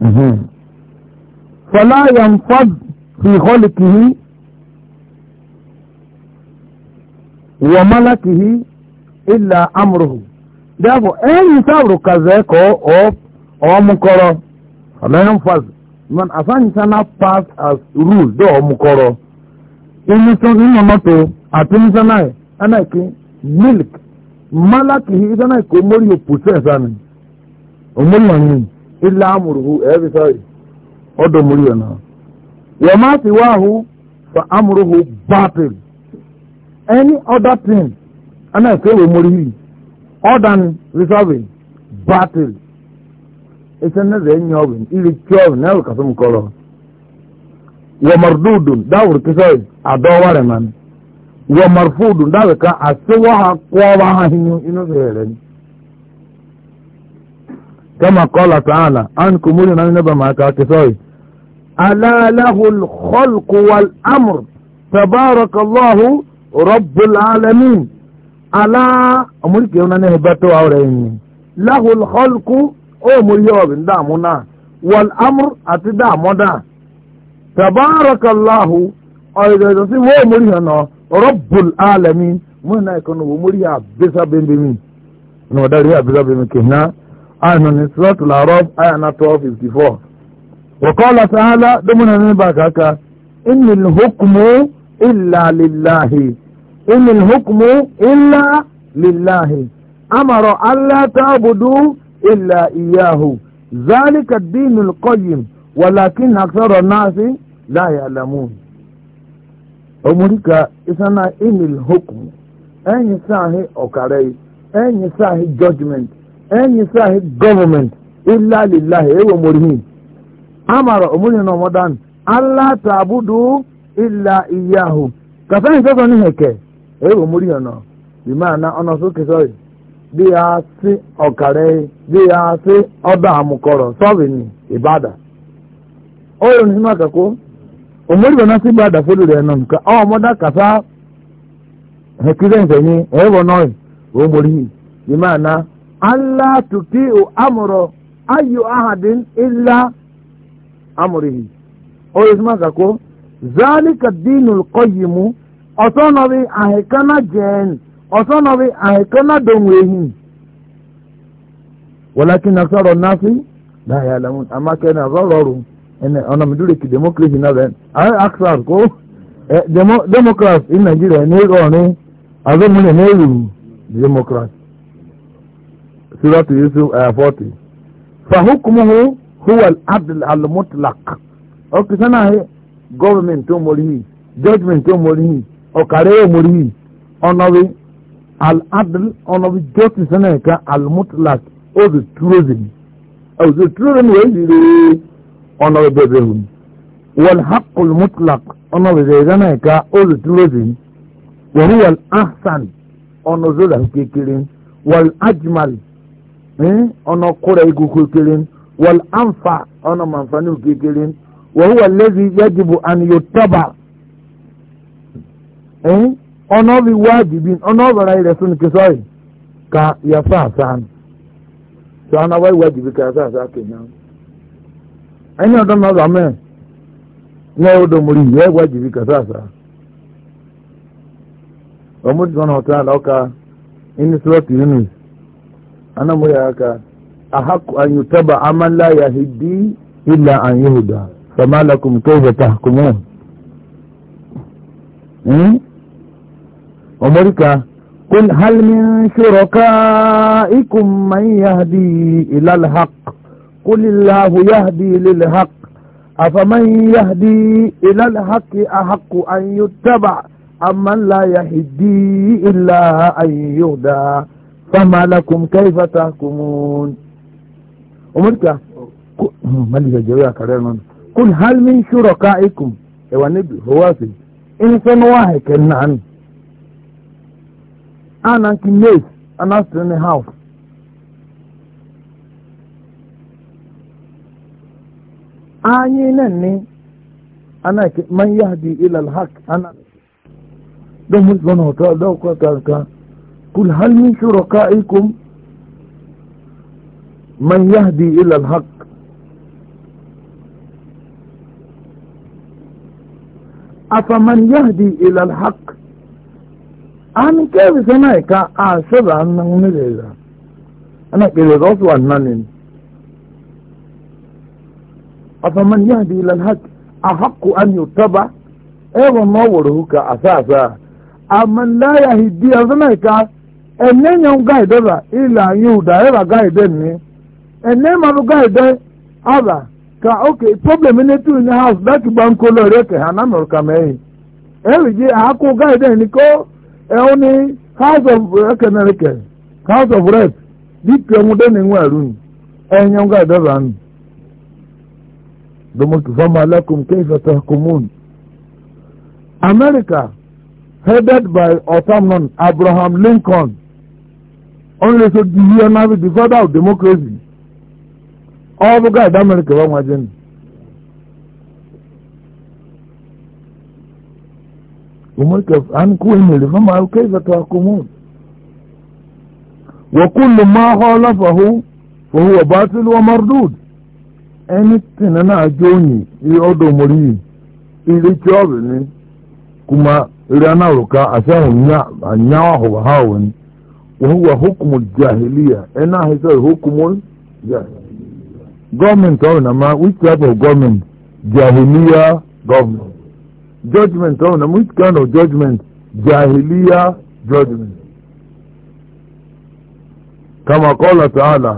فلا ينفض في خلقه وملكه إلا أمره therefore any sabro kazeko or or mukoro فلا ينفض man asan sana pass as rule do mukoro ini so ni moto atun sana ana milk malaki idana ko mori o puse sana o ilé amúrùhù ẹ̀ẹ́bí sọ́ọ̀rì ọ̀dọ̀ múrí ọ̀nà wọ́n máa ti wá hù for amúrùhù battle any other thing ẹ̀nà ìkéwé múrí yìí other than resolving battle ẹ̀sẹ̀ náà rẹ̀ ẹ̀yìn ọ̀bìn ìrì tí ọ̀bìn náà rẹ̀ kàtó kọ́lọ̀ wọ́n mọ̀rọ̀dúdùn dáwùrù kí sọ́ọ̀rì àdọ́wà rẹ̀ mọ́ni wọ́n mọ̀rọ̀fúdùn dáwùrù ká àṣewọ́ ha kọ́ ọba ha hinú inú rẹ̀ rẹ̀ ni. كما قال تعالى عنكم مولنا نبا ما كاكسوي ألا له الخلق والأمر تبارك الله رب العالمين ألا أمريكا يونان هبتو أوريني له الخلق أو مريوب دامنا والأمر أتدامنا تبارك الله أيضا يصيب هو مريونا رب العالمين من يكون مريوب بسبب بمين نوداريا بسبب بمين كهنا àìmọ̀ ní sọ́ọ̀tù làárọ̀ àyànà twelve fifty four. wọ́kọ́lá sàhálà dómìnà ní bàkàkà ìní hukumu ìlà lìláhì ìní hukumu ìlà lìláhì àmàrọ̀ alátàbùdù ìlà ìyáhù zálìkà dínú kọ́yìm wàlàkì nàkṣọ̀rọ̀ náà sí láyà àlàmù. omurika isana ìní hukumu ẹ̀yìn sáà ọ̀kàrẹ́ ẹ̀yìn sáà judgement enyi sahi gọọmenti illa lillahi ewe morihin amara omurin ọmọdan allah tabudu illa iyahu kàfẹ́yìn sọ́sọ́ ní hẹ̀kẹ́ ewe morihin ọ̀nà na ọ̀nà sókè sọ́ọ̀rì bí a sí ọ̀kàrẹ́ bí a sí ọ̀dà àmukọ̀rọ̀ sọ́ọ̀rì ní ìbàdà ó yẹ ní sinimá kakó ewe na. Allah tuti'u amro ayu ahadin illa o isma kako zalika dinul qayyim osonobi ahekana jen osonobi ahekana donwehi walakin aksaro nasi la ya'lamun amma kana zararu ene ona na ben ay aksar ko demo, in nigeria ne ne azo ne suratu yusuf aya eh, forty fahukumuhu huwal abdul almutlak ọkì sanna he government tó mori hi judgment tó mori hi ọ̀kàrẹ́ yóò mori hi ọ̀nàwé al adl ọ̀nàwé justice sanna al mutlak ó di tourism ọ̀sẹ̀ tourism wẹ̀ yìí ọ̀nàwé bẹ̀rẹ̀ hù wọ́n hakul mutlak ọ̀nàwé bẹ̀rẹ̀ sanna ẹ̀ka ó di tourism wọ́n wọ́n ahsan ọ̀nà zọ́lá kékeré wọ́n ajmal. ọ̀nà hmm? kúrẹ̀ ikuku kiri wọ́n wal ọ̀nà mànfàní manfani wọ́n wà lẹ́sìn yẹ́jìbù àni yóò tọ́ba ọ̀nà bí wájibin ọ̀nà ọ̀bàrà yìí rẹ̀ sún kí sọ́ọ̀rì ka yàtọ̀ àsán sọ àná wáyé wájibi ka yàtọ̀ àsán kìnyàn ẹni ọ̀dọ́ náà zà mẹ́ ní ọ̀dọ̀ mọ̀rí yẹ wájibi ka yàtọ̀ àsán ọmọdé sọ̀nà ọ̀tá àlọ́ ka ẹni sọ́ọ̀tì yunus. ana mu ya haka a haku an yi taba aman la ya hiddi illa an yi huda fama lakum kai da tahkumun amurka kun hal min shuraka'ikum man yahdi ila alhaq قل الله يهدي للحق أفمن يهدي إلى الحق أحق أن يتبع أمن لا يهدي إلا أن يهدى fama lakum kaifa tahkumun umurka mali ga jawi akare non kul hal min shurakaikum e wanibi huwasi in san wahe kenan anan ki mes anas ne house anyi nan ne ana ki man yahdi ila alhaq ana don mun zana ta dauka kanka قل هل من شركائكم من يهدي إلى الحق أفمن يهدي إلى الحق أنا كيف سمعك أعشر أنه نجد أنا كده رسوة أنني أفمن يهدي إلى الحق أحق أن يتبع أيضا نوره كأساسا أمن لا يهدي سمعك ene nyam gai dora ila yuda era gai den ni ene manu gai de aba e ka okay problem ne tu ni house that banko lo re ke hana nor kamei ewi ji ako guide den ni ko e n'i house of e ke na re ke house of rest rep di ke mu den ni waru ni enyam gai dora ni domo tu fama lakum kayfa tahkumun america headed by Otaman Abraham Lincoln onye so the year now the father of democracy all the guy that America wa nwa jeni umurka an ku ne fama kai za ta kumu wa kullu ma khalafahu fa huwa batil wa mardud anything na ajoni i odo mori ile chobe ni kuma ira na ruka asahun nya anyawa ho hawani وهو حكم الجاهلية أنا هيصير حكم الجاهلية government ọ̀nà ma which type of government جاهلية government judgment ọ̀nà ma which kind of judgment جاهلية judgment كما قال تعالى.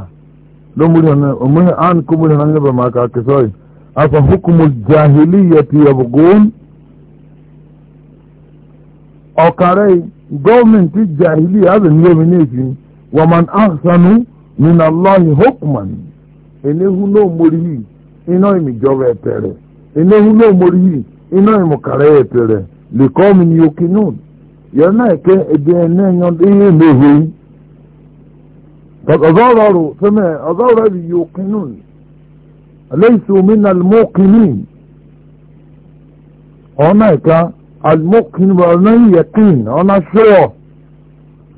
ló múlò náà òmùhẹ́ án kó múlò náà níbẹ̀ máa ọ̀kàrẹ́ gọ́ọ̀mẹ̀ntì jàhìlì azẹ̀nìyẹ́mi n'èjì wàmán ahsanu minalahi hokman enehu náà mórí yìí enehu náà mórí yìí etere ìmọ̀kàrẹ́ ẹ̀tẹ̀rẹ̀ lẹ́kọ́ mi ni okinu ihe náà kẹ́ ẹ̀dẹ̀ المقن برنامج يقين أنا شو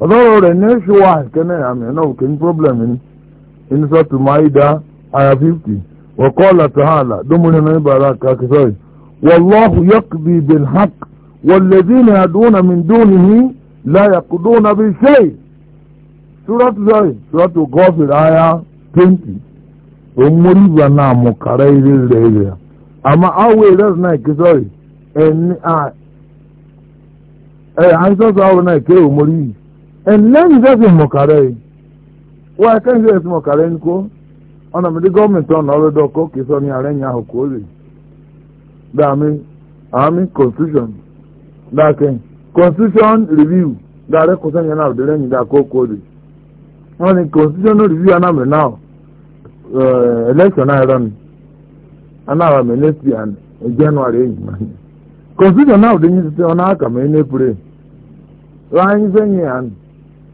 ضروري نيش واحد كان يعني أنا وكان بروبلم إن سورة المائدة آية 50 وقال تعالى دمنا نبارك كثير والله يقضي بالحق والذين يدعون من دونه لا يقضون بشيء سورة زي سورة غافر آية 20 ومريبا نعم وكرير الرئيسة أما أول رزنا إن أن ee ansọsọ e e. e ọrụ na-eke omori iyi enleghị zesi mọkara yi wa eke nze esi mọkara gọọmenti ọ nọrọ dọkọ kesọ ahụ ka o amị amị constitution dake constitution review dare kusa nye na ọdịrị enyi dake okwu o lee review anamị na election ayọrọ ni ministry and january enyi na ran isenyi an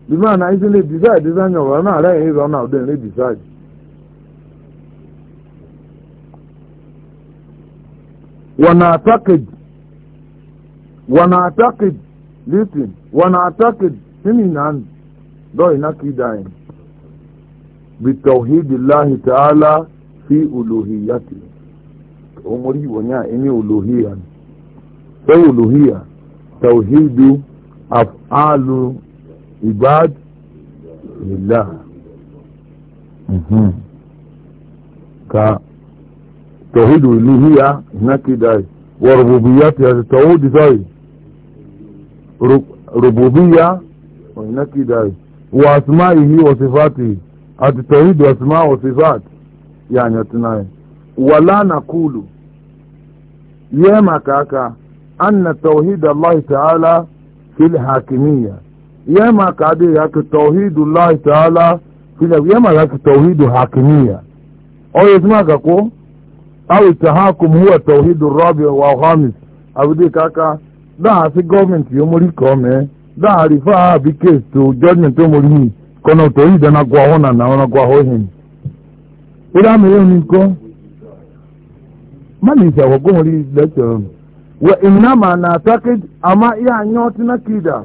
the man na isen dey decide this anyan wa na ara yin run out then dey decide ونعتقد ونعتقد listen ونعتقد سنين عن دو ينكي داين بتوحيد الله تعالى في ألوهيته أمري ونيا إني ألوهية فألوهية توحيد àfáàlù ìbáàd ìlà ka tọ̀hídù ní híyá ìnákìdá wọ̀rọ̀bùbíyá ti àti tọ̀húdì sọ́yì rọ̀bùbíyá ìnákìdá wà símá ìhí wọ̀sífàtì àti tọ̀hídù símá wọ̀sífàtì yànyàn tunáyì wàlá nàkúlù yẹ́ màkàkà أن توحيد الله تعالى fil hakimiyya yema kadi ya ki tauhidullahi ta'ala fil yema ya ki tauhidu hakimiyya au yasmaka ko au tahakum huwa tauhidu rabi wa khamis abudi kaka da government yo muri kome da rifa bi to judgment to muri kono na na wa innama na takid amma iya nyoti na kida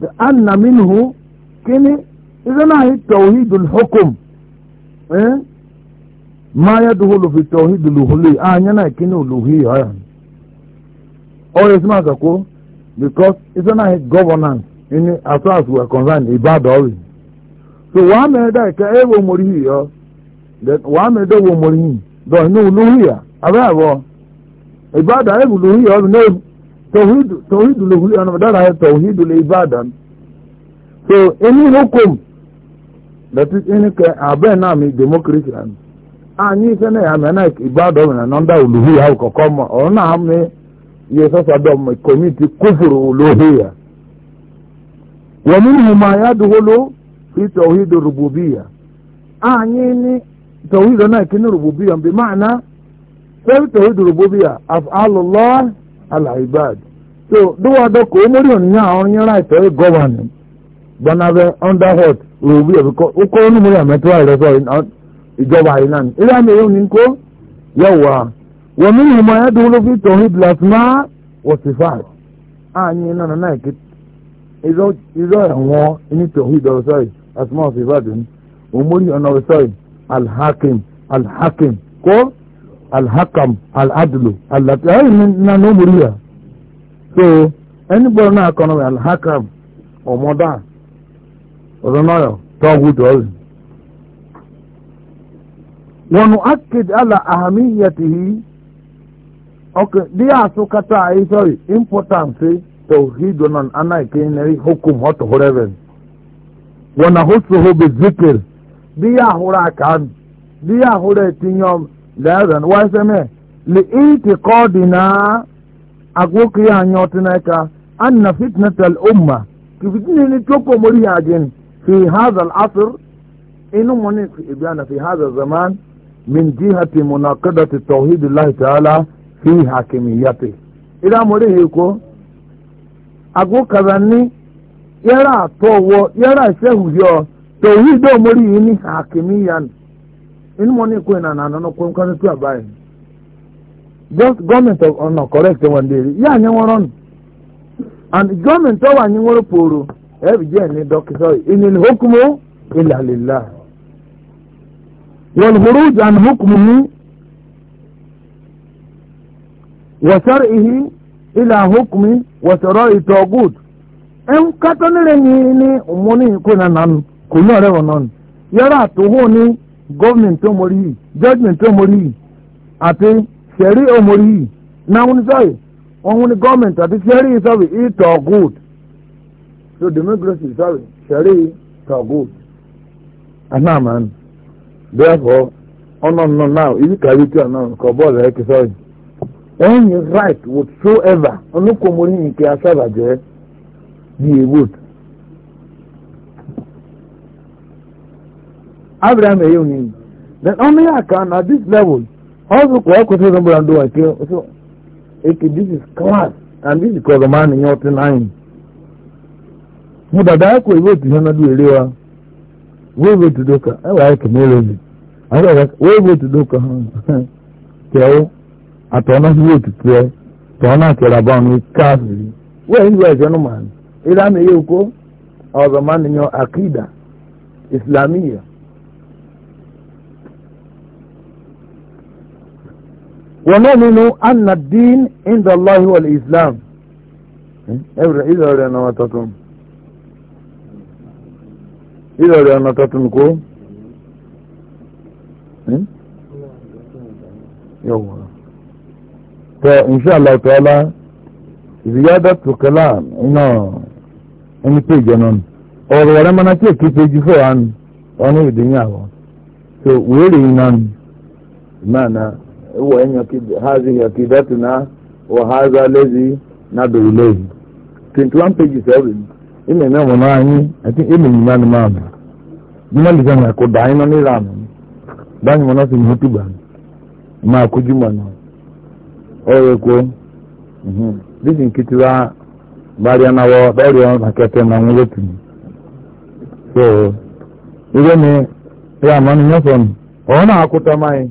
da kini izana hi tauhidul hukum eh ma yadkhulu fi tauhidul uluhi a ah, nyana kini uluhi haya o e isma ka ko governance ini as far as we are so wa me da ka ewo morihi yo that wa me da wo morihi do no uluhi ya ababo ibada ne buluhi yo ne tauhid tauhid luhi ana madara ya tauhid le ibada so any hukum that is in ke abena mi democracy an anyi sene ya mena ibada na nonda luhi ya ko ona amme ye sasa do mo committee kufuru luhiya wa minhu ma yadkhulu fi tauhid rububiyya anyi ni tauhid na kinu rububiyya bi maana sẹ́ni tẹ̀wé dòròbó bí yà so dúwọ́ dọ́kọ̀ omori ònìyàn àwọn yẹn láì tẹ̀wé gbanabẹ́ underhot òwúbi bíkọ́ ó kọ́ onímọ̀ yà mẹ́tọ́ ìjọba yìí náà ilé àmì èyí òní kó yẹwà wọ́n mi ìmọ̀ ẹ̀ dúró fi tọ̀hí plasma wọ́sífàì ààyè náà náà kí ìzọ́ ẹ̀wọ̀n ní ọ̀nà alhakim alhakim kó. alhakam aladulu alati ayi na n'omuri ya so anybody na akɔnɔ mi alhakam ɔmɔda ɔdɔnɔyɔ tɔgu dɔri wɔnu akid ala ahamiyatihi ok di aso kata ayi sɔri importance tɔhidonan anayi kenari hukum hɔtɔ hɔrɛbɛn wɔna hosuho bi zikir di ahora kan di ahora etinyɔm dazan waseme li iti kodina agwoki ya nyotineka anna fitnat al umma kifitini ni choko mori hajin fi hadha al asr inu moni ibana fi hadha zaman min jihati munaqadati tawhid allah ta'ala fi hakimiyati ila mori hiko agwokazani yara towo yara shehujo tawhid mori ni hakimiyan in money na na no kwe nkan tu just government of oh, on correct one day ya anya and government of anya woro poro e bi je ni doc so in in hukmu illa lillah wal khuruj an hukmihi wa shar'ihi ila hukmi wa shara'i tagut en katonere ni na nan kuno wonon gọ́ọ̀mẹ̀ntì tó mọ̀rí yìí jọ́jìmẹ̀ntì tó mọ̀rí yìí àti sẹ̀rí ò mọ̀rí yìí náà wọ́n ní sọ́yì wọ́n ní gọ́ọ̀mẹ̀ntì àti sẹ̀rí sọ́yì ìtọ̀ good so democracy sọ́yì sẹ̀rí ìtọ̀ good anáàmán therefore ọ̀nà ọ̀nà náà ibi kàwé tí ọ̀nà kọ̀ bọ́ọ̀lù ẹ̀ kì sọ́yì any right whatsoever ọ̀nà kò mọ̀rí yìí kì í aṣáàbàjẹ́ bí a abraham eyi eh, onye then ọnụ oh, na this level ọzọ kwa ekwesị ụzọ ndụ nke so eke this is class and this is ma na nye ọtị na anyị iwe otu ihe na dị ere wa wee bụ doka ewe anyị kemere ozi otu doka ha kewo atọ na ihe otu na akere abụọ na kaasịrị wee ndị wee jọnụ ma ịra eyi okwo ọzọ ma akida islamiyya ونؤمن أن الدين عند الله هو الإسلام إبرة إذا أرينا ما تتم إذا أرينا تتمكو يوه فإن شاء الله تعالى زيادة الكلام إنه إن بيجنون أو ولما نتيجة كيف يجفو عن أنا الدنيا so we're in on huwa hadhihi akidatuna wa hadha alladhi nadu ilayhi 21 pages every ime na mo na yin ati ime ni man man juma li jana ko dai no ni ram dan mo na sin hutuba ma ko juma no o ko mhm bisin kitira bari na wo bari on pakete na mo lotu so ile ni ya man nyo son ona akuta mai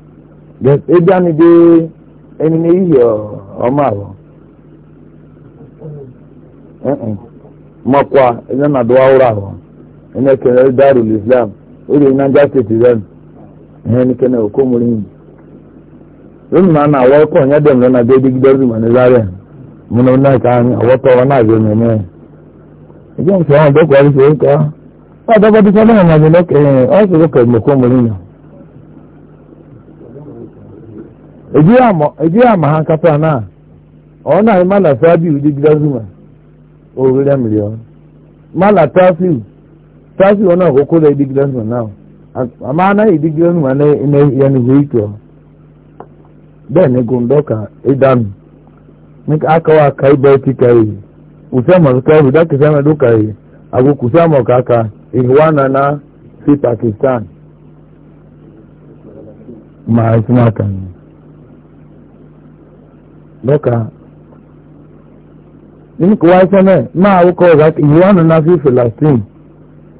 Yes, ebi anyị dị enyi n'ihi ọma ahụ. Makwa ebe na-adụ ụra ahụ. Onye ekele Darul Islam. Oge na Niger steeti zen. Ihe nike na okomori nyi. na na awọ onye dị mgbe na-adị edigide ma Mụ na onye ka anyị awọ ọkọ na-abịa Ebe ọrụ ka ọ n'okenye ọ okomori eji ama ha nkata na ọ na ima na fabiu di gida zuma orire milion ma na tafiu tafiu ọ na akoko da di gida zuma now ama ana di gida zuma na ina ya ni hu ito bẹẹ ni gondoka idanu ní akawa kai bẹẹti kai usama kai hudaki sama do kai agogo sama kaka ihwana na fi pakistan ma isma lọ́ka nínú kò wáyé sẹ́mẹ̀ máa wọ́kọ̀ ìwọ́nù náà sí philistine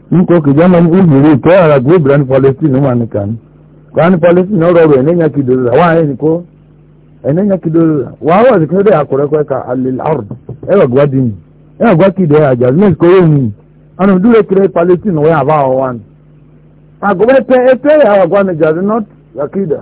nínú kò kìjọ́ mọ́ ìbìrì tó ara gbóbìrì ní palestine wà nìkan ní kò ní palestine ọ̀rọ̀ rẹ̀ ẹ̀nẹ́yà kìdòrò rà wáyé nìkó ẹ̀nẹ́yà kìdòrò rà wáyé wà sìkìdòrò rẹ̀ àkọ́rẹ́kọ́ ẹ̀ka alilard ẹ̀rọ gbádì ní ẹ̀rọ gbá kìdò ẹ̀ àjà ní ìkórè ní ọ̀nà dúró kiri palestine wọ́n ní. àgọ́bẹ̀tẹ̀ ẹ̀tẹ̀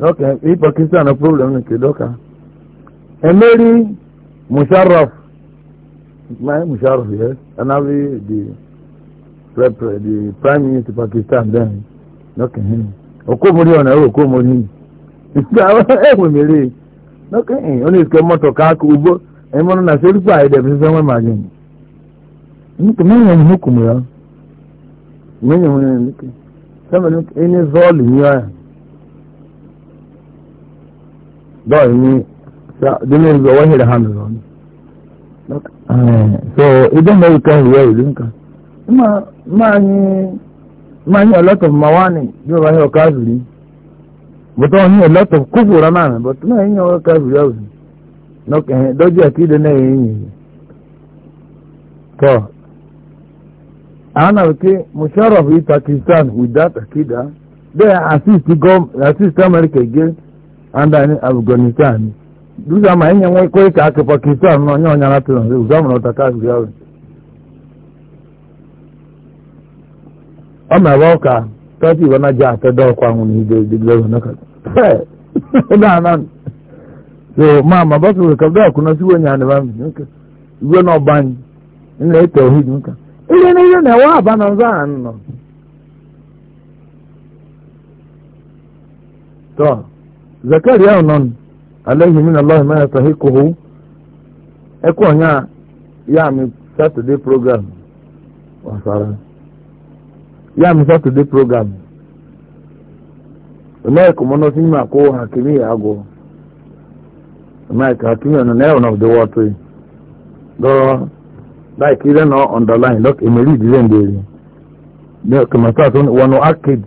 ok i pakistan na problem nke doka emeri musharraf my musharraf yes di prep the prime minister pakistan then ok okomori ọ̀nà ẹ̀rọ okomori ẹ̀wẹ̀ mèrè ok ọ na-esikẹ ugbo ẹ̀mọ́nà na sẹ́ríkpà ẹ̀dẹ̀bí sẹ́wọ́n màgẹ̀ nke mẹ́yẹ̀ mú hukumu ya mẹ́yẹ̀ mú hukumu ya sẹ́wọ́n ẹni ya dɔw ni dunu bɛ wahiri ha mi lɔni so idan bɛ kan yi yau dinka ma ma ni ma ni a lot of mawani bi ba yau kafiri but on ni a lot of kufura na mi but na yin yau kafiri yau ni nok eh doji akide na yin yi to ana ke musharraf yi pakistan with that akida they assist the government assist america again anda afghanistan dusa ma enye nwe kwe ka ake pakistan no nyonya na tilo ọzọ uza mna utaka zigawe ama boka tati wana ja ta do de de na ka na na so mama ka kuna ne ba nka iwe no ban nka ile ne ile na wa ba na za no to zakaria ọnọn alayhi min allah ma yastahikuhu ẹkọ ọnya ya mi saturday program wasara ya mi saturday program ọmọ ẹkọ mọ n'osin ma kó hakimi yà agọ ọmọ ẹkọ hakimi ọ̀nà náà ọ̀nà ọ̀dẹ wọ́ọ̀tì dọ́rọ́ láì kí lẹ́nà ọ̀ndọ̀láìn lọ́kì èmẹ́rì ìdílé ń bèrè ní ọ̀kẹ́mọ̀tà tó wọn ọ̀ akéde.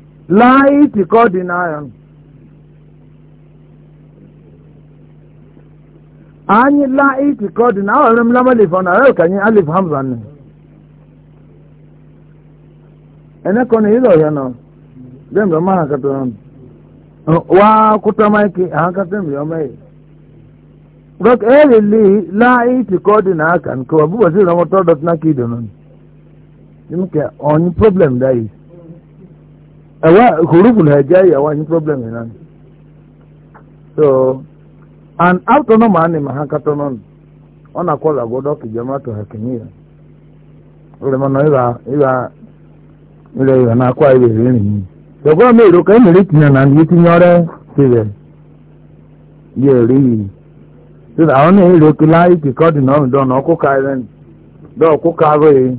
laa itikọ dị n'aya anyị laa itikọ dị na awara m lama alif ọna arịọ ka anyị alif hamza nne enekọ na ịlọ ya nọ dem dị ọma ha katọrọ m wa kụta maịkị ha katọrọ m ya ọma ya elili laa itikọ dị na aka nke ọbụbọsị rọmọtọ dọt na kidọ nọ nke onye problem that is ẹwà hurufu na ẹja yẹ wa problem yìí nani so and autonom ani mahakatonon ọ na kọlọ agbọdọ kìjọba tó hakimi yẹ ọlọmọ náà ibà ibà ilẹ̀ ibà na kọ́ ibà ìrìn yìí ṣùgbọ́n mi ìrò kan mìíràn tìǹyà náà yìí ti yọrẹ síbẹ̀ yẹ rí yìí so àwọn ní ìrò kí láyé kíkọ́ dì náà dán náà kó ka ẹ̀rẹ́n dán kó ka ẹ̀rẹ́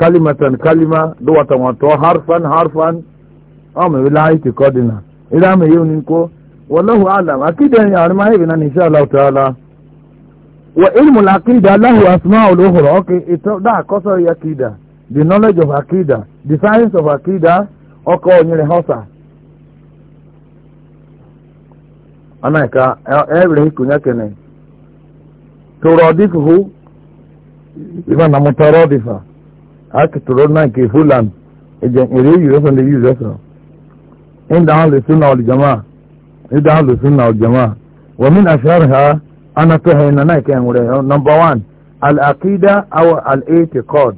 kalimatan kalima dọ́wọ́tàwọ̀tọ̀ harfan harfan. ọmọ ìwé láàyè ti kọ́ dínà ìdáhùn èyí ni kó wọlọ́hù alam akéde ẹni àrùnmá ẹ̀bì náà nìṣẹ́ aláwọ̀tàlá wọ ilmu lakida aláhù asmá kida the knowledge of akida the science of akida ọkọ̀ ònyìnrìn hausa. anaika na ìkùnyẹ́ e, e, kẹ́nẹ̀ عند أهل السنة والجماعة عند أهل السنة والجماعة ومن أشهرها أنا تهينا نايك نمبر وان العقيدة أو الاعتقاد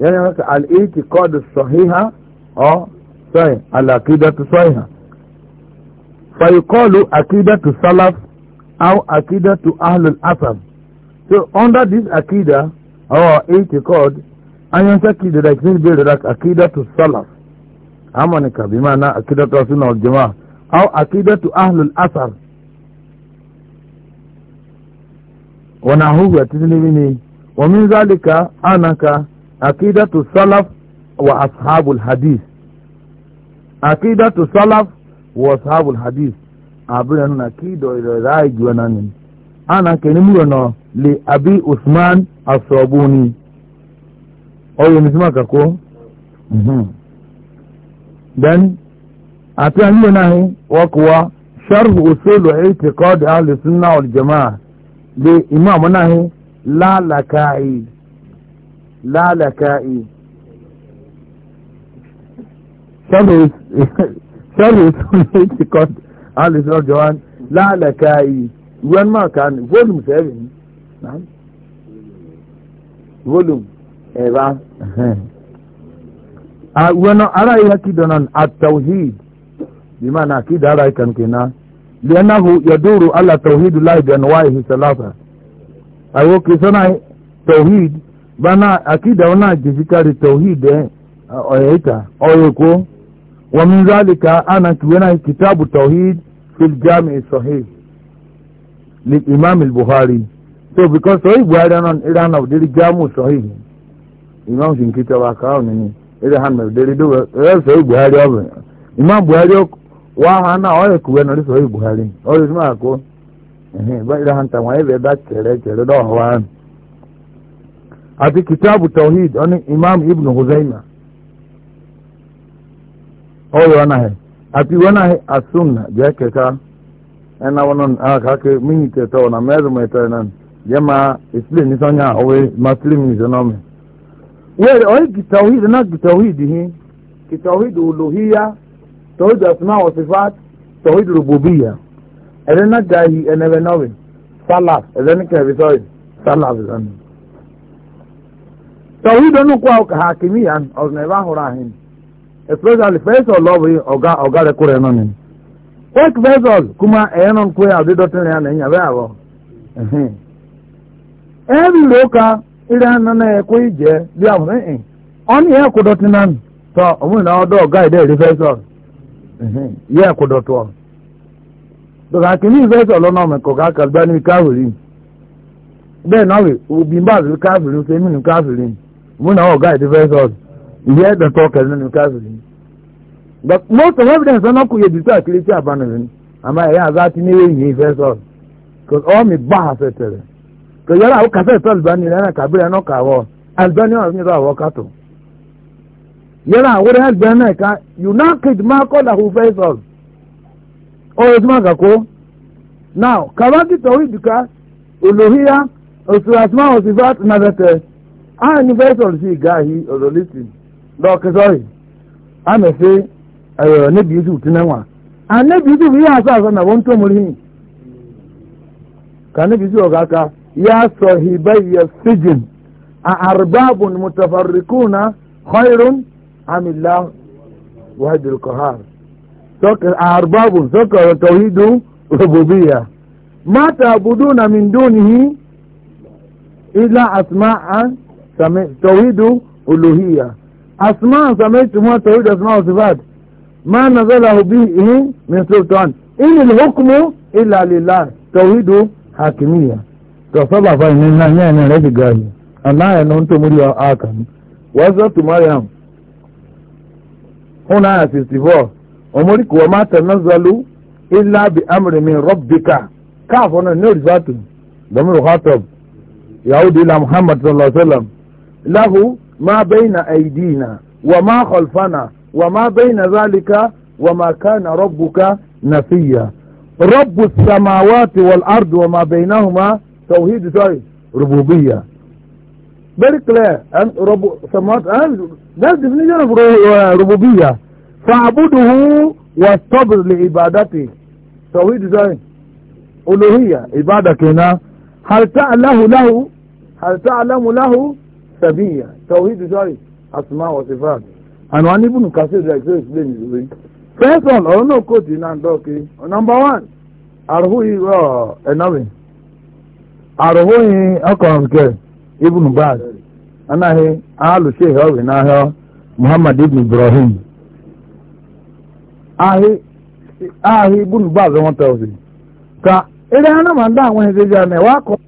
يعني مثلا الاعتقاد الصحيحة أو صحيح العقيدة الصحيحة فيقال عقيدة السلف أو عقيدة أهل الأثر So under this akida or اعتقاد أن ينتقد like this like akida to salaf amanika bi ma'ana akidatu sunna wal jama'a aw akidatu ahlul asar wa nahuhu atidnibini wa min zalika anaka akidatu salaf wa ashabul hadith akidatu salaf wa ashabul hadith abuna nuna kido ilo rai juwana nini ana keni muro no li abi usman asobuni oyo nisema kako mhm mm then àti àníyè náà ni sharh usul i'tiqad ahli sunna wal jamaa bí imam náà ni lálàkàì lálàkàì sharh usul i'tiqad ahli sunna wal jamaa lálàkàì ìwọ́n máa kà ní volume seven volume Ah, wani ara yi haki da nan a tauhid bi mana aki da ara kan kina lianahu yaduru ala tauhidu lahi bi anwa'ihi salasa ayo ke sana tauhid bana aki da wana jisikari tauhid eh ah, oyaita oyeko wa min zalika ana kiwena kitabu tauhid fil jami'i sahih lil imam al-bukhari so because sahih buhari nan iran of the jamu sahih imam shin kitaba ka ni ebe ha mere deri dobe ebe sọ buhari ọ ima buhari wa ha na ọ ekuwe na ọ sọ e buhari ọ dị sọ akụ ehe ba ira hanta wa ebe da kere kere do hawa ati kitabu tauhid oni imam ibn huzaima ọrụ ọ naghị ati wọn naghị asunna jẹ keka ẹna e wọn nọ akake minyi kẹtọ na mẹrin mẹtọ nan jẹ ma islim nisọ nya ọwẹ ma islim nisọ nọ mẹ. wẹ́rẹ̀ ọ̀yẹ́ kìtàwíìdì náà kìtàwíìdì yìí kìtàwíìdì olóhíyá tọ́wíìdì asúná ọ̀sífà tọ́wíìdì rògbòbíyà ẹ̀rẹ́ náà ga yìí ẹ̀nẹ́bẹ̀ náà wẹ̀ sálàf ẹ̀rẹ́ ní kẹ̀rẹ́ sọ́ọ̀rì sálàf lẹ́nu. tọ́wíìdì ọ̀nù kọ́ ọ̀kà hakimi yà ọ̀nà ẹ̀bá ahọ́rọ̀ ahìn especially fẹ́sọ̀ lọ́wọ́ ọ̀gá ọ̀gá rẹ̀ kúrẹ̀ náà ni. wẹ́ẹ̀kì fẹ́sọ̀ kuma ẹ̀yẹ́ náà kúrẹ́ àdídọ́tìnrin àná ẹ̀yìn àbẹ́ àwọ̀ ẹ̀hìn. ire anọ na-ekwe ije bịa ahụ eh, eh. ị ọnụ ya kwụdọtụ na tọ ọmụmụ na ọdọ ọga ide rifesọl eh, ya kwụdọtụ ọrụ dọka akịnị rifesọl ọnụ ọmụ kọka kalbịa n'ike ahụrụ bẹ́ẹ̀ náà wè obi ń bá àfìrí káfìrí ṣe mí nínú káfìrí mú ọ ọ̀gá ìdífẹ́sọ̀sì ìyẹ́ ẹ̀dọ̀tọ̀ ọkẹ̀ nínú káfìrí. but most of evidence ọ̀nà kò yẹ bí sọ àkìrí tí àbánu rẹ̀ àmà ẹ̀yà àzá ti ní èyí ìfẹ́sọ̀sì kòyọ́rọ́ àwọn kàfẹ́ ìtọ́ àlùbáni náà kàbírẹ̀ náà kàwọ́ àlùbáni wà nílò àwọ̀ kàtó yẹ́rọ àwọn àlùbáni náà ká united markol àhùfẹ́ sọ̀rọ̀ ọ̀rọ̀ kà kó now kàwáńtì tọ̀wé ìdùkà olóhíyá òṣùwàsímà òṣìfàt nàbẹ̀tẹ̀ àwọn ìfẹ́ sọ̀rọ̀ sí ìgá yìí ọ̀rọ̀ lẹ́sìn lọ́ọ̀kẹ́ sọ́rì ẹ̀rọ níbi yusuf tí náà wà àníbi yusuf yìí يا صاحبي السجن أأرباب متفرقون خير أم الله وحد القهار أرباب سكر توحيد ربوبية ما تعبدون من دونه إلا أسماء توحيد ألوهية أسماء سمعتمها توحيد أسماء وصفات ما نزله به من سلطان إن الحكم إلا لله توحيد حاكمية tọ̀fọ́ bàbá ìní ńlá ní ẹ̀ní rẹ̀ ti ga ni aláyẹ̀ ló ń tó múlò àkàn wọ́sọ̀ tó mariam hún náà sixty four ọmọdé kò wọ́n máa tẹ̀ náà zọlú ilá bi amúre mi rọ́bìkà káàfọ́ náà ní òrìṣàtù lọ́mọdé hàtọ́b yahoo dila muhammad sallallahu alayhi wa sallam lahu máa bẹ́yìn na ẹ̀yìdì náà wọ́n máa kọ̀lfánà wọ́n zálìkà wọ́n máa ká rọ́bùkà nàfíyà rọ́bù sàmáwá ti wọ́n tawhid sorry rububiyya very clear and rubu somewhat and that definition of uh, rububiyya fa'buduhu wastabir li ibadati tawhid sorry uluhiyya ibada kenan hal ta'lahu lahu hal ta'lamu lahu sabiyya tawhid sorry asma wa sifat and one ibn kasir like so explain it way first one don't know kò tí náà Okay, number one àrùhù yìí ọ̀ ẹ̀ náà arụhụghị ọkọrọ nke ibn anaghị alụshe n'ahịa muhammad ibn ibrahim ahịa ibn baz nwata ozi ka ere anamanda na ma ya na-ewe akụ.